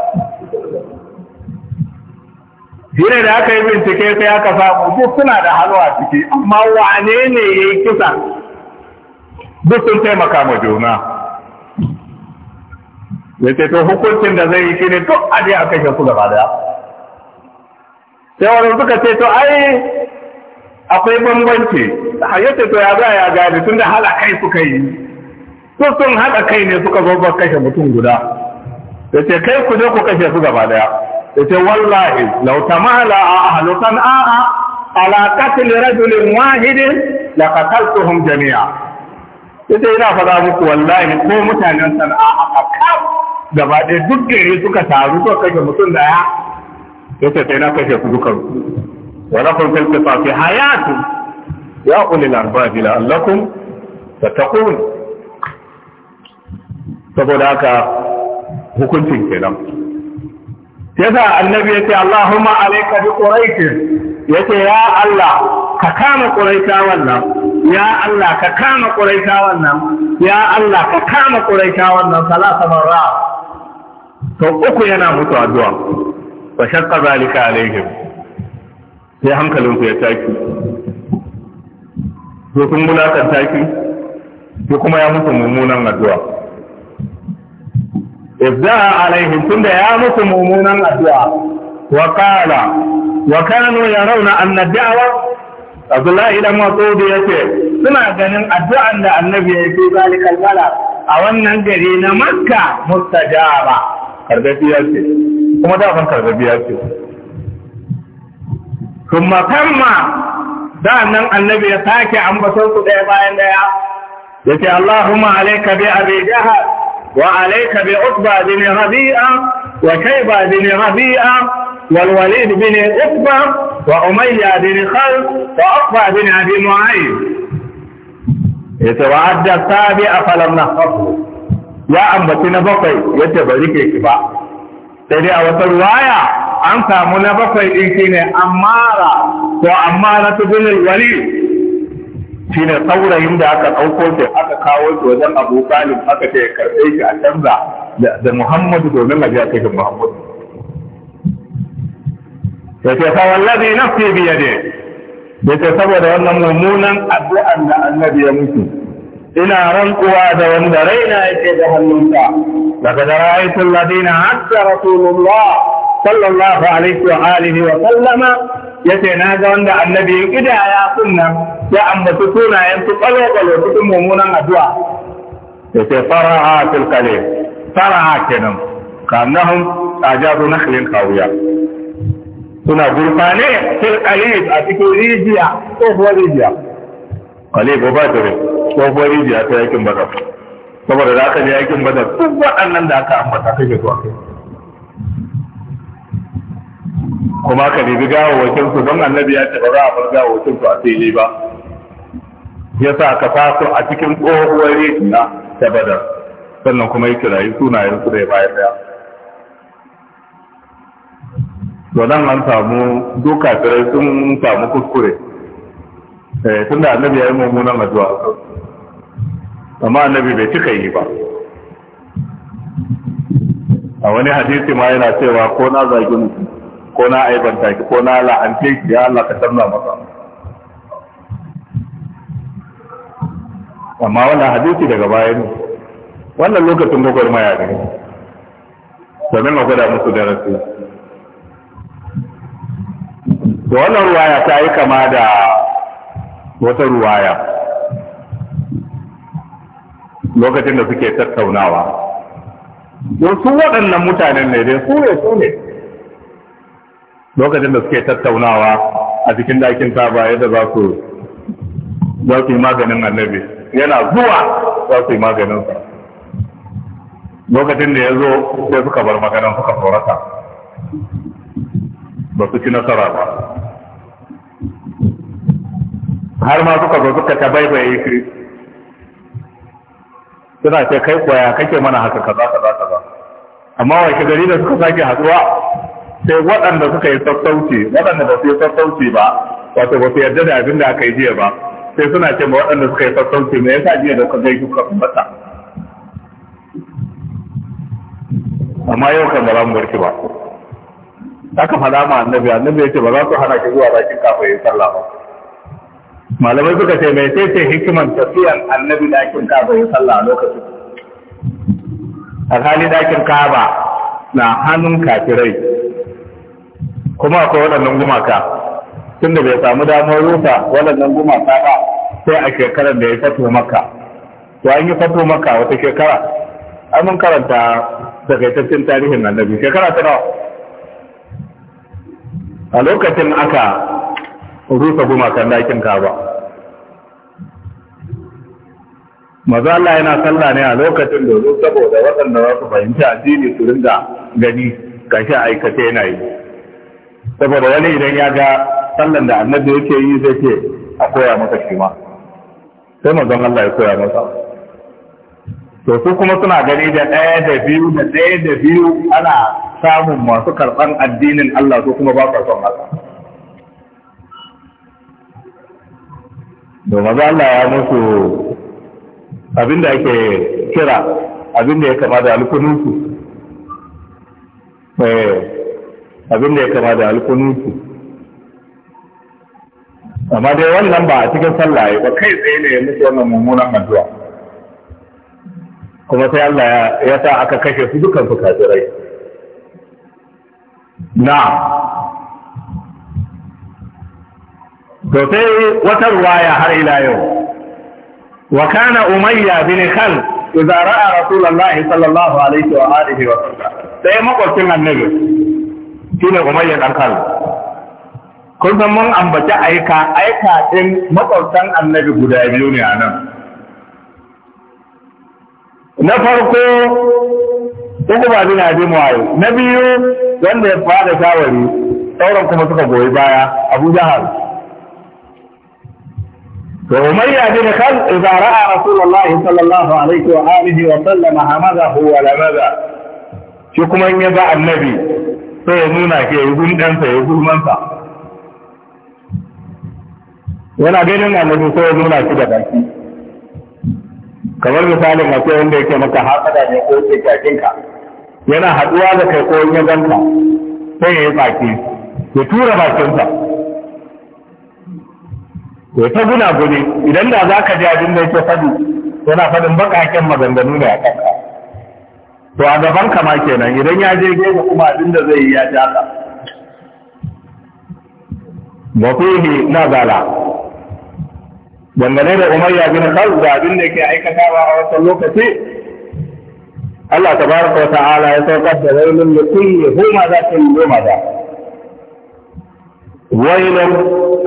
Jire da aka yi bincike sai aka samu duk suna da halwa ciki, amma wane ne ya yi kisa duk sun taimaka ma juna. Ya ce to hukuncin da zai yi shi ne duk aje a kashe su gaba daya. Sai wani suka ce to ai akwai bambanci, ya ce to ya za ya gane tun da haɗa kai suka yi. Su sun haɗa kai ne suka zo ba kashe mutum guda. Ya ce kai ku je ku kashe su gaba daya. ita wallahi law tamala ahlu sana'a ala rajulin wahidin la qataltuhum jami'a ita ina faɗa muku wallahi ko mutanen sana'a a kaf gaba ɗaya duk gari suka taru suka kashe mutum ya ita sai na kashe su dukan wa kun fil qisasi hayatu ya ulil albab la'allakum tattaqun saboda haka hukuncin kenan yasa annabi ya ce Allahumma alayka bi quraish ya ce ya Allah ka kama quraisha wannan ya Allah ka kama quraisha wannan ya Allah ka kama quraisha wannan salasa marra to uku yana mutu addu'a wa shaqqa zalika alaihim sai hankalin ku ya taki to kun mulakanta taki, ko kuma ya mutu mummunan addu'a ibda alaihim tunda ya musu mummunan addu'a wa qala wa kanu yarawna anna da'wa Abdullahi dan Mas'ud yace suna ganin addu'an da Annabi ya yi zalikal bala a wannan gari na Makka mustajaba karbabiya ce kuma da ban karbabiya ce kuma kamma da nan Annabi ya sake ambaton su daya bayan daya yace Allahumma alayka bi abi jahal وعليك بعقبة بن ربيعة وشيبة بن ربيعة والوليد بن عقبة وأمية بن خلف وعقبة بن أبي معين يتوعد السابع فلم نحفظه يا أمتي نبقي يتبريك كفاء sai a wata ruwaya أنت samu na bakwai ɗin shine amara ko shine saurayin da aka ɗauko shi aka kawo shi wajen Abu Talib aka ce karɓe shi a canza da Muhammadu domin a ji a kashe Muhammadu yace fa wallazi nafsi bi yadihi yace saboda wannan mummunan addu'an da annabi ya mutu ina rantsuwa da wanda raina yake da hannunsa daga da ra'aytul ladina hatta rasulullah sallallahu alaihi wa alihi wa sallama yace na ga wanda annabi ya kidaya sunnan ya ambaci sunayen su kwalo-kwalo cikin mummunan addu'a yace faraha fil qalil faraha kenan kannahum ajabu nakhlin qawiya suna gurfane fil qalil a cikin rijiya tsohuwar rijiya qalil ba ba tare tsohuwar rijiya ta yakin badar saboda da aka je yakin badar duk waɗannan da aka ambata kai ga zuwa kai kuma ka nemi gawawakin su don annabi ya ce ba za a bar gawawakin su a fili ba Ya sa ka sa su a cikin tsohuwar rijiya ta badar sannan kuma ya kirayi sunayen su da ya bayar daya to nan an samu duka kafirai sun samu kuskure eh tunda annabi ya yi mummunan addu'a amma annabi bai cika yi ba a wani hadisi ma yana cewa ko na zagi mutum ko na aibanta ki ko na la'ance ki ya Allah ka tarna masa amma wannan hadisi daga baya ne wannan lokacin gwagwarmaya ne domin a gwada musu darasi da wannan ruwaya ta yi kama da wata ruwaya lokacin da suke tattaunawa don su waɗannan mutanen ne dai su ne su ne lokacin da suke tattaunawa a cikin dakin taba yadda za su za su yi maganin annabi yana zuwa za su yi maganin sa lokacin da ya zo sai suka bar maganin suka tsorata ba su ci nasara ba har ma suka zo suka ta baibaye shi suna ce kai kwaya kake mana haka kaza kaza kaza amma wai gari da suka sake haduwa sai waɗanda suka yi sassauci waɗanda ba su yi sassauci ba wato ba su yarda da abin da aka yi jiya ba sai suna ce ma waɗanda suka yi sassauci me yasa jiya da kuka yi kuka mata amma yau kan ba za mu barki ba aka faɗa ma annabi annabi ya ce ba za su hana ki zuwa bakin kafa yin sallah ba malamai suka ce mai sai ce hikiman tafiyan annabi dakin kafa yin sallah a lokacin alhali dakin kaba na hannun kafirai kuma akwai waɗannan gumaka tunda bai samu damar rusa waɗannan gumaka ba sai a shekarar da ya fato maka to an yi fato maka wata shekara an mun karanta takaitaccen tarihin annabi shekara ta nawa a lokacin aka rusa gumakan dakin kaba maza Allah yana sallah ne a lokacin domin saboda waɗanda za su fahimci addini su ringa gani kashi aikace yana yi saboda wani idan ya ga sallan da annabi yake yi zai ce a koya masa shi ma sai mazan Allah ya koya masa to su kuma suna gani da ɗaya da biyu da ɗaya da biyu ana samun masu karɓan addinin Allah su kuma ba sa son haka maza Allah ya musu abin da ake kira abin da ya kama da alkununsu eh abin da ya kama da alkunutu amma dai wannan ba a cikin sallah ba kai tsaye ne ya mutu wannan mummunan addu'a kuma sai Allah ya sa aka kashe su dukan su kafirai na to sai wata ruwaya har ila yau wa kana umayya bin khal idza ra'a rasulullahi sallallahu alaihi wa alihi wa sallam sai makwabcin annabi shine umayya dan kalu kun san mun ambaci aika aika din makwabtan annabi guda biyu ne a nan na farko uku ba bin abi muayi na biyu wanda ya fada shawari sauran kuma suka goyi baya abu jahal to umayya bin kal idza ra'a rasulullahi sallallahu alaihi wa alihi wa sallama hamadahu wa lamada shi kuma in ya ga annabi sai ya nuna ke ya gumdansa ya gurmansa yana ganin annabi sai ya nuna shi da baki kamar misalin sai wanda yake maka hasada ne ko ke kakinka yana haɗuwa da kai ko ya ganka sai ya yi baki ya tura bakinsa ya ta guna gune idan da za ka ji abin da yake faɗi yana faɗin baƙaƙen maganganu da ya kanka to a gaban kama kenan idan ya je gefe kuma abin da zai yi ya ci haka wa fihi zala dangane da Umar ya gina khalid da abin da ke aikatawa a wasan lokaci Allah ta baraka wa ta'ala ya saukar da wailun li kulli humazatin da wailun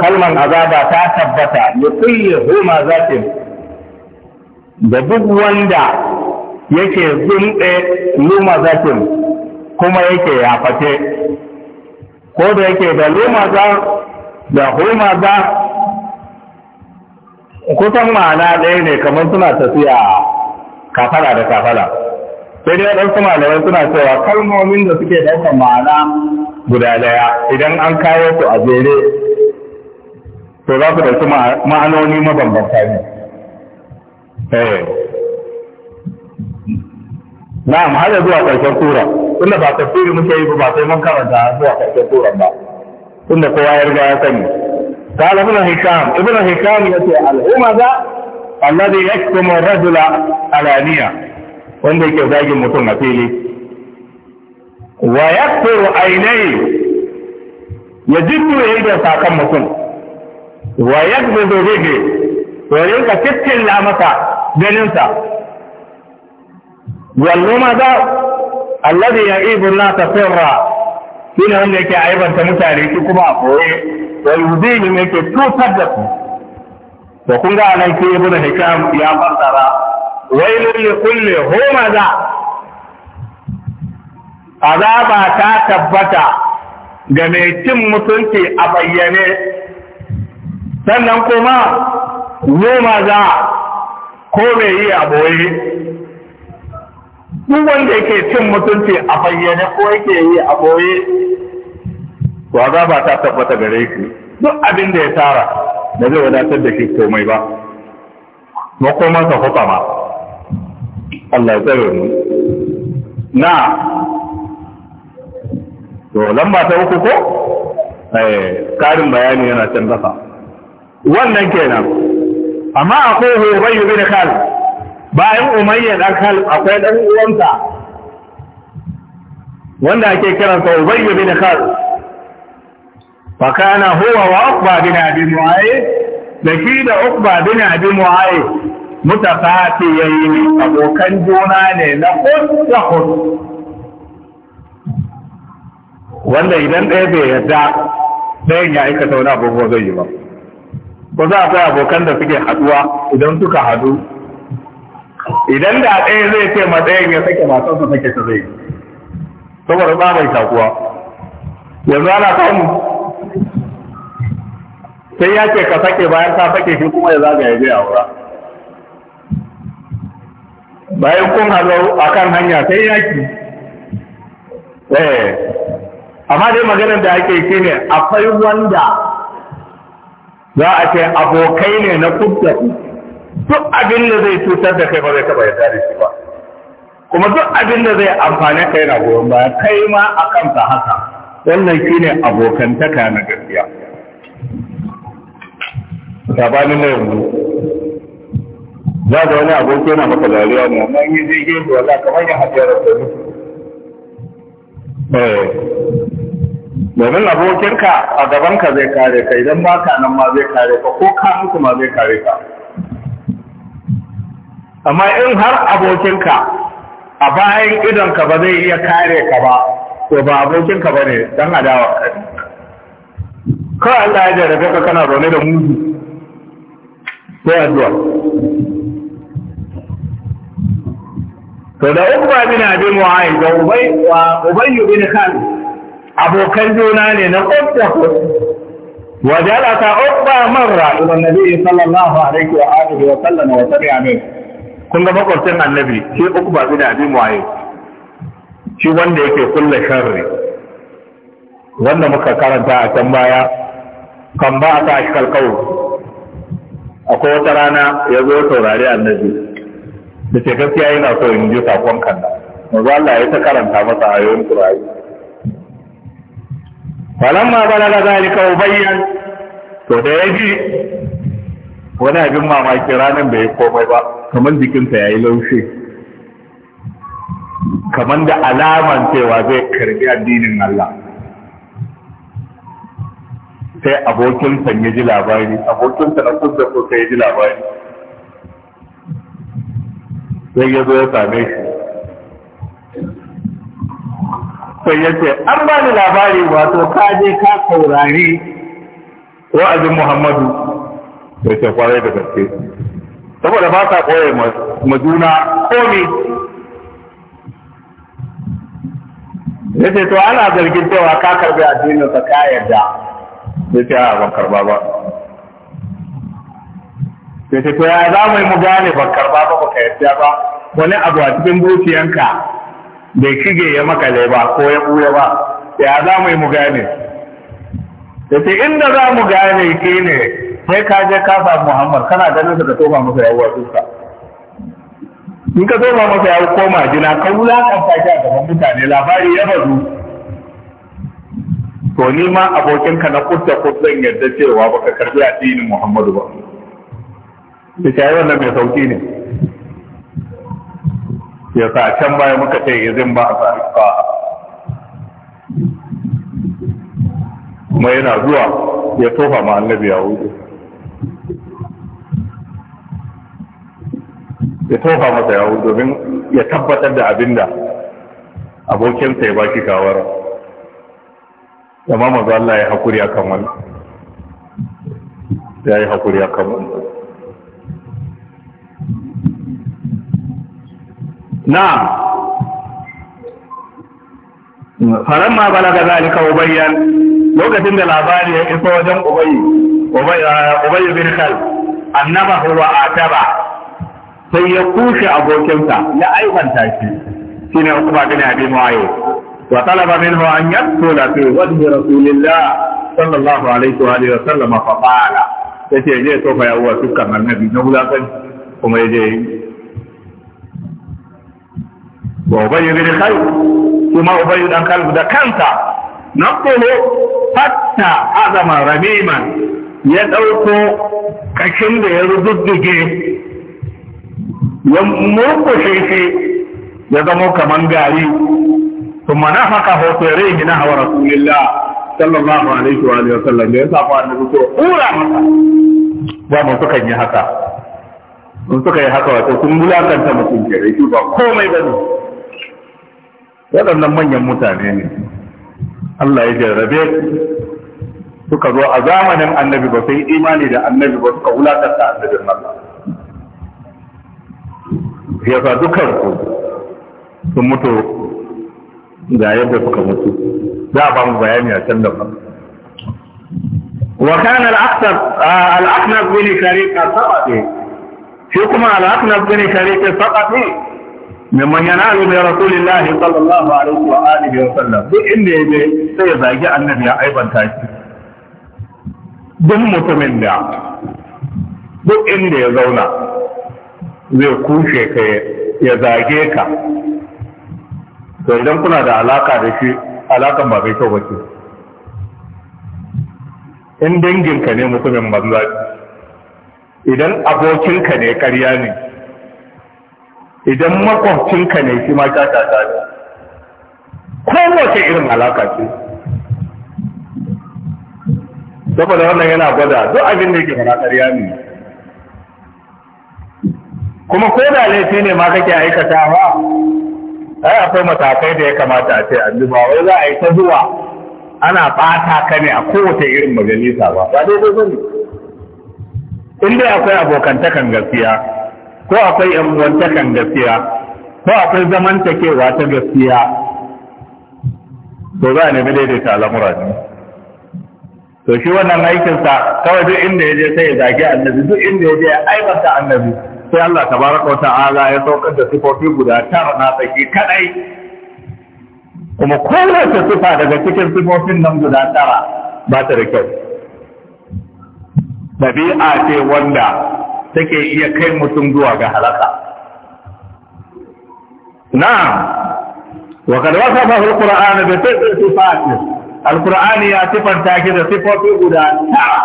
kalman azaba ta tabbata li kulli humazatin da duk wanda yake zumɗe luma zakin kuma yake yafate ko da yake da luma za da huma za kusan ma'ana ɗaya ne kamar suna tafiya kafala da kafala sai dai waɗansu malamai suna cewa kalmomin da suke ɗaukar ma'ana guda ɗaya idan an kawo su a jere to za su ɗauki ma'anoni mabambanta ne eh. na'am har zuwa ƙarshen sura tunda ba tafsiri muke yi ba sai mun karanta zuwa ƙarshen sura ba tunda kowa ya riga ya sani قال ابن هشام ابن هشام يتي الهمذا الذي يكتم الرجل علانية wanda yake zagin mutum a fili wa yakfuru ainai ya jiddu ya yi da sakan mutum wa yakfuru bihi ya الذي يعيب الناس سرا shine wanda yake aibanta mutane shi kuma a koye wa yudini ke tutar da su to kun ga nan ke ibn hikam ya fassara wailul li kulli za azaba ta tabbata ga mai cin mutunci a bayyane sannan kuma za ko mai yi a boye duk wanda yake cin mutunci a bayyane ko yake yi a boye to ba ta tabbata gare shi duk abin da ya tara ba zai wadatar da ke komai ba makomansa hukama Allah ya mu na to lamba ta uku ko karin eh, bayani yana can dafa wannan kenan amma akwai horayu bin khalid bayan umayya dan kal akwai dan uwansa wanda ake kiransa ubayy bin khalid fa kana huwa wa uqba bin abi muayy da da uqba bin abi mu'ayyid mutafatiyayi abokan juna ne na hud da wanda idan ɗaya bai yarda ɗayan ya aikata wani abubuwa zai yi ba ko za a kai abokan da suke haduwa idan suka hadu idan da ɗaya zai ce ma ɗayan ya sake matarsa sake ta zai saboda ba mai shakuwa yanzu ana samu sai ya ce ka sake bayan ka sake shi kuma ya zagaya zai aura bayan kun hazo a kan hanya sai yaki eh amma dai maganar da ake shi ne akwai wanda za a ce abokai ne na kubda duk abin da zai cutar da kai ba zai taba yarda da shi ba kuma duk abin da zai amfane kai na goyon baya kai ma a kansa haka wannan shine abokantaka na gaskiya sabanin na yanzu za ga wani aboki yana maka dariya ne amma yi zai gefe wala kamar ya hajjiyar da eh, domin abokinka a gabanka zai kare ka idan ba ka nan ma zai kare ka ko ka mutu ma zai kare ka amma in har abokinka a bayan idonka ba zai iya kare ka ba to ba abokinka ba ne don adawa kawai Allah ya jarabe ka kana zaune da mudu ko addu'a to da ukba bin abin wa'ai da ubai wa ubayyu bin khalid abokan juna ne na ukba وجلس عقبة مرة إلى النبي صلى wa عليه wa وسلم wa منه kun ga makwabcin annabi shi uku ba da abin waye shi wanda yake kulle sharri wanda muka karanta a can baya kan ba a ta ashkal kawo akwai wata rana ya zo taurari annabi da ce gaskiya yana so in ji sakon kanna maza Allah ya ta karanta masa ayoyin ma bala balaga zalika ubayyan to da ya ji wani abin mamaki ranar bai komai ba kamar jikinta ya yi laushe kamar da alaman cewa zai karbi addinin Allah sai abokinsa ya ji labari abokinsa na kusa ko sai ya ji labari sai ya zo ya same shi sai ya ce an ba ni labari wato ka je ka saurari ko wa'azin Muhammadu sai ce kwarai da gaske saboda ba sa koye ma juna komi ya ce to ana zargin cewa ka karbi addinin sa ka yarda ya ce a ban karba ba ya ce to ya za mu yi mu gane ban karba ba ba ka yarda ba wani abu a cikin zuciyanka bai shige ya makale ba ko ya ɓuya ba ya za mu yi mu gane ya ce inda za mu gane shi ne sai ka je ka samu Muhammad kana ganin sa ka tofa masa yawo a tsuka in ka tofa masa yawo ko majina ka wulakanta ta a gaban mutane labari ya bazu to ni ma abokinka na kudda kudin yadda cewa baka karbi addinin Muhammadu ba da shi wannan mai sauki ne ya sa can baya muka ce izin ba a sa kuma yana zuwa ya tofa ma annabi ya wuce ya tofa masa yawo domin ya tabbatar da abin da abokinsa ya ba ki kawara amma mazu Allah ya haƙuri a kan wani ya yi haƙuri a kan wani na faramma balaga zalika ubayyan lokacin da labari ya iso wajen ubayy ubayy bin khal annaba huwa ataba sai ya kushe abokinsa ya aibanta shi shine Uqba bin Abi Mu'ayyid wa talaba minhu an yaqtula fi wajhi Rasulillah sallallahu alaihi wa alihi wa sallam fa qala yace je to fa yawa dukkan annabi na wulakan kuma ya Ba wa ubayy bin Khalid kuma ubayy dan kalbu da kansa naqulu hatta azama ramiman ya dauko kashin da ya rududdige ya murkushe shi ya zama kaman gari kuma mana haka hotore gina hawa rasulillah sallallahu alaihi wa sallam da ya safa annabi ko ura masa ba mu suka yi haka mun suka yi haka wato sun bulakanta mutum ke rai ba komai ba ne. waɗannan manyan mutane ne Allah ya jarrabe suka zo a zamanin annabi ba sai imani da annabi ba suka wulakanta annabin Allah ya sa dukanku sun mutu ga yadda suka mutu za a ba mu bayani a can daban wa kana al-aqnab bin tariqa sabati shi kuma al-aqnab bin tariqa sabati mimman yanalu bi rasulillahi sallallahu alaihi wa alihi wa sallam duk inda ya je sai ya zagi annabi ya aibanta shi duk mutumin da duk inda ya zauna zai kushe ka ya zage ka to idan kuna da alaka da shi alakan ba mai kyau ba ce in danginka ne mutumin banza idan abokinka ne karya ne idan makwabcinka ne shi ma ta ne wace irin alaka ce saboda wannan yana gwada duk abin da yake fara karya ne kuma ko da laifi ne ma kake aikatawa ai akwai matakai da ya kamata a ce an ba wai za a yi ta zuwa ana bata ka ne a kowace irin majalisa ba ba dai dai ne in dai akwai abokantakan gaskiya ko akwai yan uwantakan gaskiya ko akwai zaman takewa ta gaskiya to za a nemi daidaita al'amura ne to shi wannan aikinsa kawai duk inda ya je sai ya zagi annabi duk inda ya je ya aibanta annabi sai Allah tabaraka wa ta'ala ya saukar da sifofi guda tara na tsaki kadai kuma kowace sifa daga cikin sifofin nan guda tara ba ta da kyau dabi'a ce wanda take iya kai mutum zuwa ga halaka Na wa kad wasafa da qurana bi tis'i sifatin al ya sifanta ki da sifofi guda tara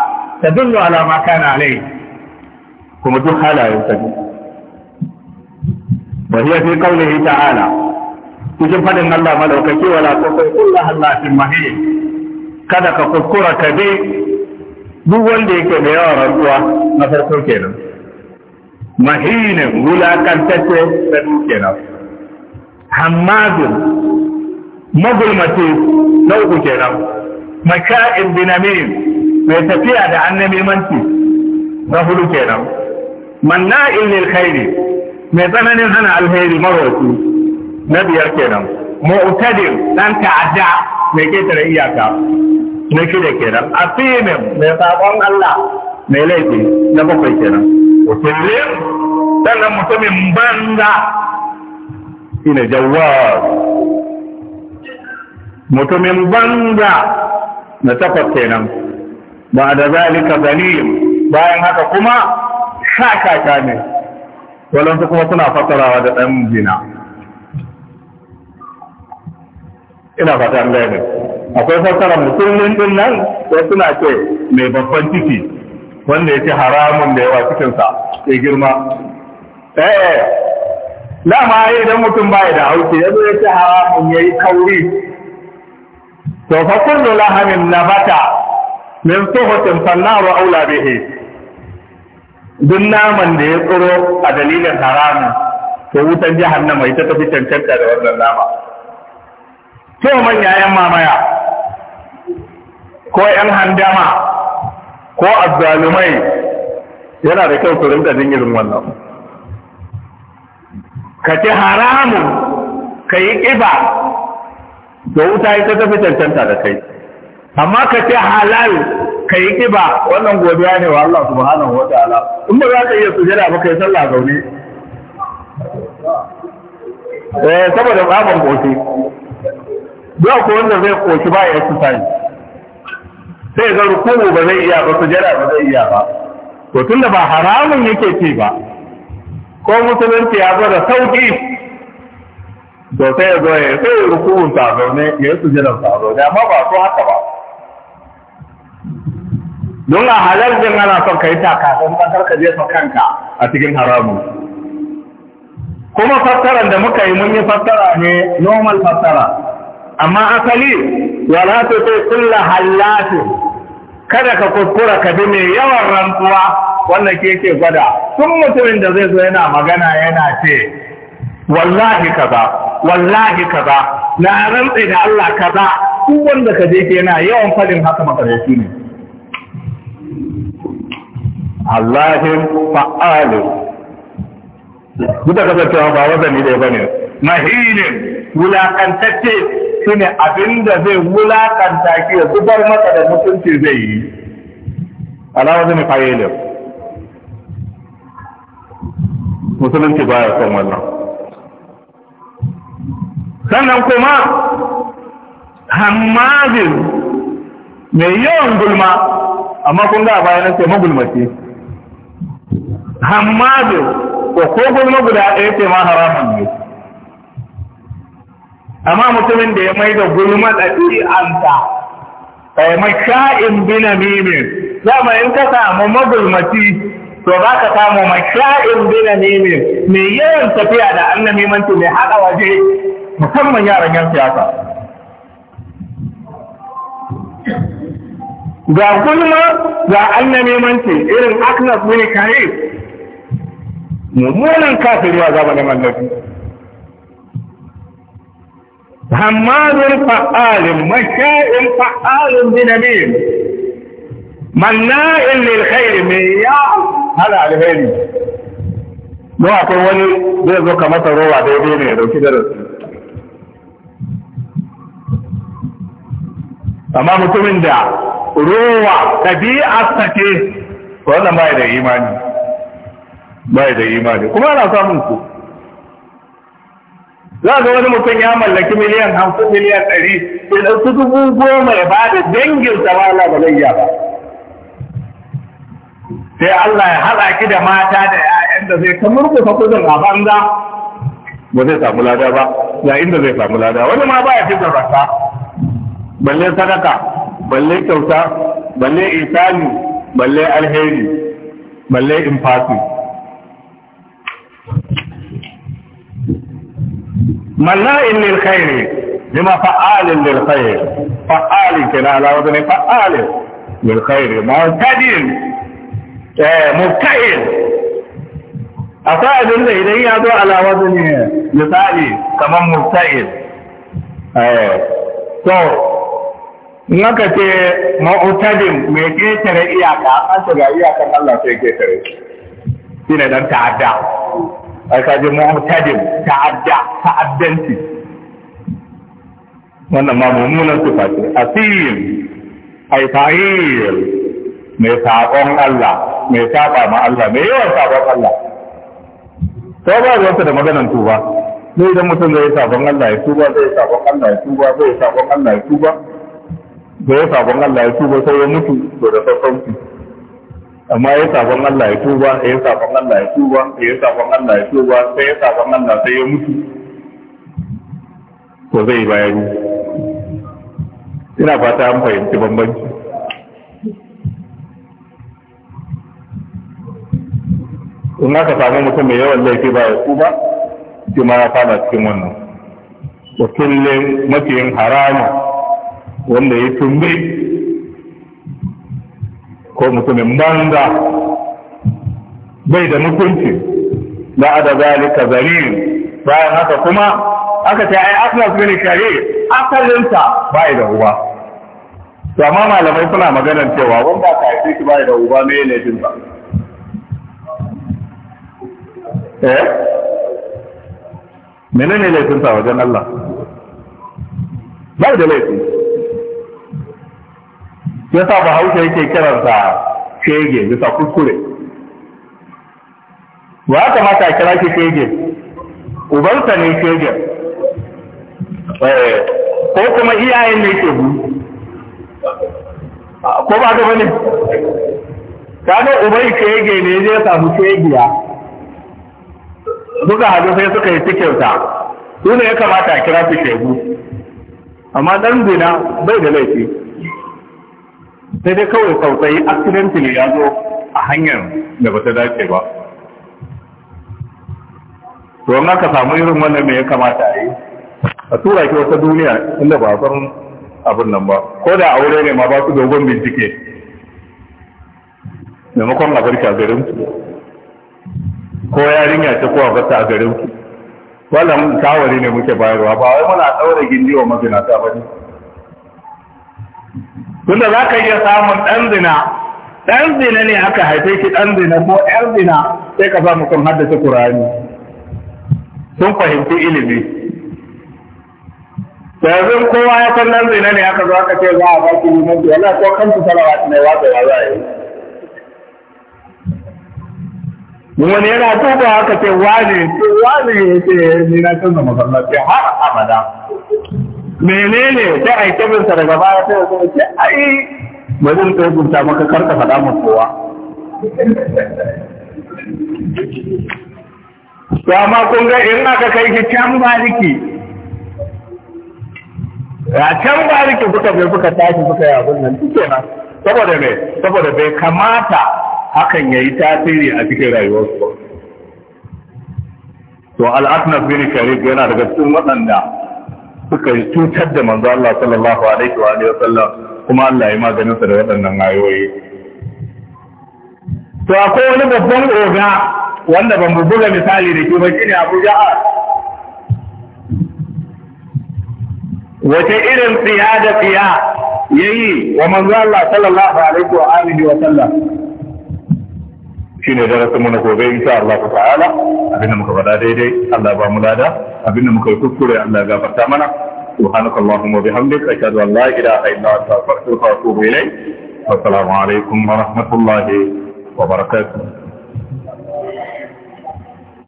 tadullu ala ma kana alayhi kuma duk halayen sa wa hiya fi qawlihi ta'ala cikin fadin Allah madaukaki wala taqul illa hallatin mahid kada ka kuskura ka bi duk wanda yake da yawan rantsuwa na farko kenan mahinin wulakantacce da duk kenan hammadun magulmace na uku kenan maka'in binamin mai tafiya da annabimanci na hudu kenan Manna lil khairi mai tsananin hana alheri marwaci na biyar kenan mu'tadir dan ta'adda mai ketare iyaka na shida kenan asimin mai sabon Allah mai laifi na bakwai kenan wakilin sannan mutumin banza shine jawwar mutumin banza na takwas kenan ba da zalika zalim bayan haka kuma kakaka ne walansu kuma suna fasarawa da ɗan jina ina fatan an gane akwai fasara musulmin din nan wasu suna ce mai babban ciki wanda ya ce haramun da yawa cikinsa ya girma eh dama idan mutum baya da hauki ya zo ya ce haramun ya yi kauri to fa kullu lahamin nabata min suhutin fannaru aula bihi duk naman da ya tsoro a dalilin haramun to wutan mai ta tafi cancanta da wannan nama To manya yan mamaya ko yan handama ko azzalumai yana da kyau su da jin wannan ka ci haramun ka yi ƙiba da wuta ita tafi cancanta da kai amma ka ce halal kai kiba wannan godiya ne wa Allah subhanahu wa ta'ala in ba za ka iya sujada ba kai sallah zaune eh saboda baban koshi ba ko wanda zai koshi ba ya su sai ga ruku'u ba zai iya ba sujada ba zai iya ba to tunda ba haramun yake ce ba ko musulunci ya zo da sauki to sai ya zo ya sai ruku'un sa zaune ya su sa zaune amma ba so haka ba don a halar din ana son ka yi takasan kasar ka jefa kanka a cikin haramun kuma fassara da muka yi mun yi fassara ne normal fassara amma asali wala ta ce kulla halatu kada ka kuskura ka bi mai yawan rantsuwa wannan ke ke gwada sun mutumin da zai zo yana magana yana ce wallahi kaza wallahi kaza na rantsi da Allah kaza duk wanda ka je ke yana yawan fadin haka makarashi ne Allahin fa’ali, Duka kasar cewa ba wazani da ba ne mahilin wulakantacce shi ne abin da zai wulakanta ki ya zubar mata da mutunci zai yi alawar zai fa'ilin musulunci ba ya son wannan sannan kuma hammazin mai yawan gulma amma kun ga bayan sai magulmaci hammadu ko ko gulma guda ɗaya ce ma haramun ne amma mutumin da ya mai da gulma da ɗabi'anta kai sha'in bina za mu yin ka samu magulmaci to za ka samu sha'in bina mimin mai yawan tafiya da annabi mantu mai haɗa waje musamman yaran yan siyasa ga gulma ga annabi mantu irin aknas bin kare. mummunan kafiri a zaba da mallafi hammadun fa'alin masha'in fa'alin binamin manna'in lil mai ya hana alheri a akwai wani zai zo ka masa rowa daidai ne dauki da rasu amma mutumin da rowa ɗabi'a sake wannan ba da imani bai da imani kuma ana samun ku za ga wani mutum ya mallaki miliyan hamsin miliyan ɗari ya ɗauki dubu goma ya bada dangin sa ba Allah ba zai ba sai Allah ya haɗa ki da mata da ‘ya’yan da zai kamar ku fa kudin a banza ba zai samu lada ba ya inda zai samu lada wani ma ba ya fi zarrafa balle sadaka balle kyauta balle isani balle alheri balle infasi malla'in lil khairi bima fa'alin lil khair fa'alin kana ala wadani fa'alin lil khairi mu'tadin eh mubta'in akwai abin da idan ya zo ala wadani misali kamar mubta'in eh to naka aka ce ma'utadin mai ketare iyaka an shiga iyakan Allah sai ketare shi ne dan ta'adda ai kaje mu'tadin ta'adda ta'addanci wannan ma mummunan sifa ce asim ai ta'il mai sabon Allah mai saba ma Allah mai yawan sabon Allah to ba ruwanta da maganan tuba ne idan mutum zai sabon Allah ya tuba zai sabon Allah ya tuba zai sabon Allah ya tuba zai ya sabon Allah ya tuba sai ya mutu to da sassauci amma ya sabon Allah ya tuba ya sabon Allah ya tuba ya sabon Allah ya tuba sai ya sabon Allah sai ya mutu to zai bayar ina fata an fahimci bambanci in aka samu mutum mai yawan laifi ba ya tuba shi ma ya fada cikin wannan wa mafiyin haramu wanda ya tumbe ko mutumin banza bai da mutunci ba da zalika zarin bayan haka kuma aka ce ai aslas bin shari asalinsa bai da uba to amma malamai suna maganar cewa ba ka yi shi bai da uba me ne din ba eh menene laifin sa wajen Allah bai da laifin yasa bahaushe yake kiransa shege bisa kuskure ya kamata a kira shi shege ubansa ne shege eh, ko kuma iyayen ne ke bu ko ba ga bane kaga uban shege ne zai samu shegiya suka hadu sai suka yi cikinta su ne ya kamata a kira su shegu amma ɗan gina bai da laifi sai dai kawai sautsayi accidentally ya zo a hanyar da ba ta dace ba to wannan ka samu irin wannan me ya kamata a yi a tura ki wata duniya inda ba san abin nan ba ko da aure ne ma ba su dogon bincike maimakon a barka garin ko yarinya ta kowa bata a garin ku wannan kawari ne muke bayarwa ba wai muna daura gindi wa mazinata ba ne tunda za ka iya samun ɗan zina ɗan zina ne aka haife shi ɗan zina ko ɗan zina sai ka samu kan haddace kurani sun fahimci ilimi yanzu kowa ya san ɗan zina ne aka zo aka ce za a ba ki limanci wala ko kan su salawa ne wa ya za a yi wani yana tuba aka ce wani wani ya ce ni na canza masallaci har abada menene sai a yi tabinsa daga baya ta yanzu? ce ai ba zan kai gunta maka karka faɗa ma kowa to amma kun ga in aka kai ki can bariki a can bariki kuka bai kuka tashi kuka yi abin nan duk kenan saboda me saboda bai kamata hakan ya yi tasiri a cikin rayuwarsu ba to al-asnaf bin karib yana daga cikin waɗanda suka cutar da manzo Allah sallallahu alaihi wa alihi wasallam kuma Allah ya maganin sa da waɗannan ayoyi to akwai wani babban oga wanda ban buga misali da ke ba shine Abu Ja'ar wace irin tsiya da tsiya yayi wa manzo Allah sallallahu alaihi wa alihi wasallam shine darasinmu na gobe insha Allah ta'ala abinda muka faɗa daidai Allah ba mu lada abinda muka yi kuskure Allah gafarta mana سبحانك اللهم وبحمدك أشهد أن لا إله إلا أنت أستغفرك وأتوب إليك والسلام عليكم ورحمة الله وبركاته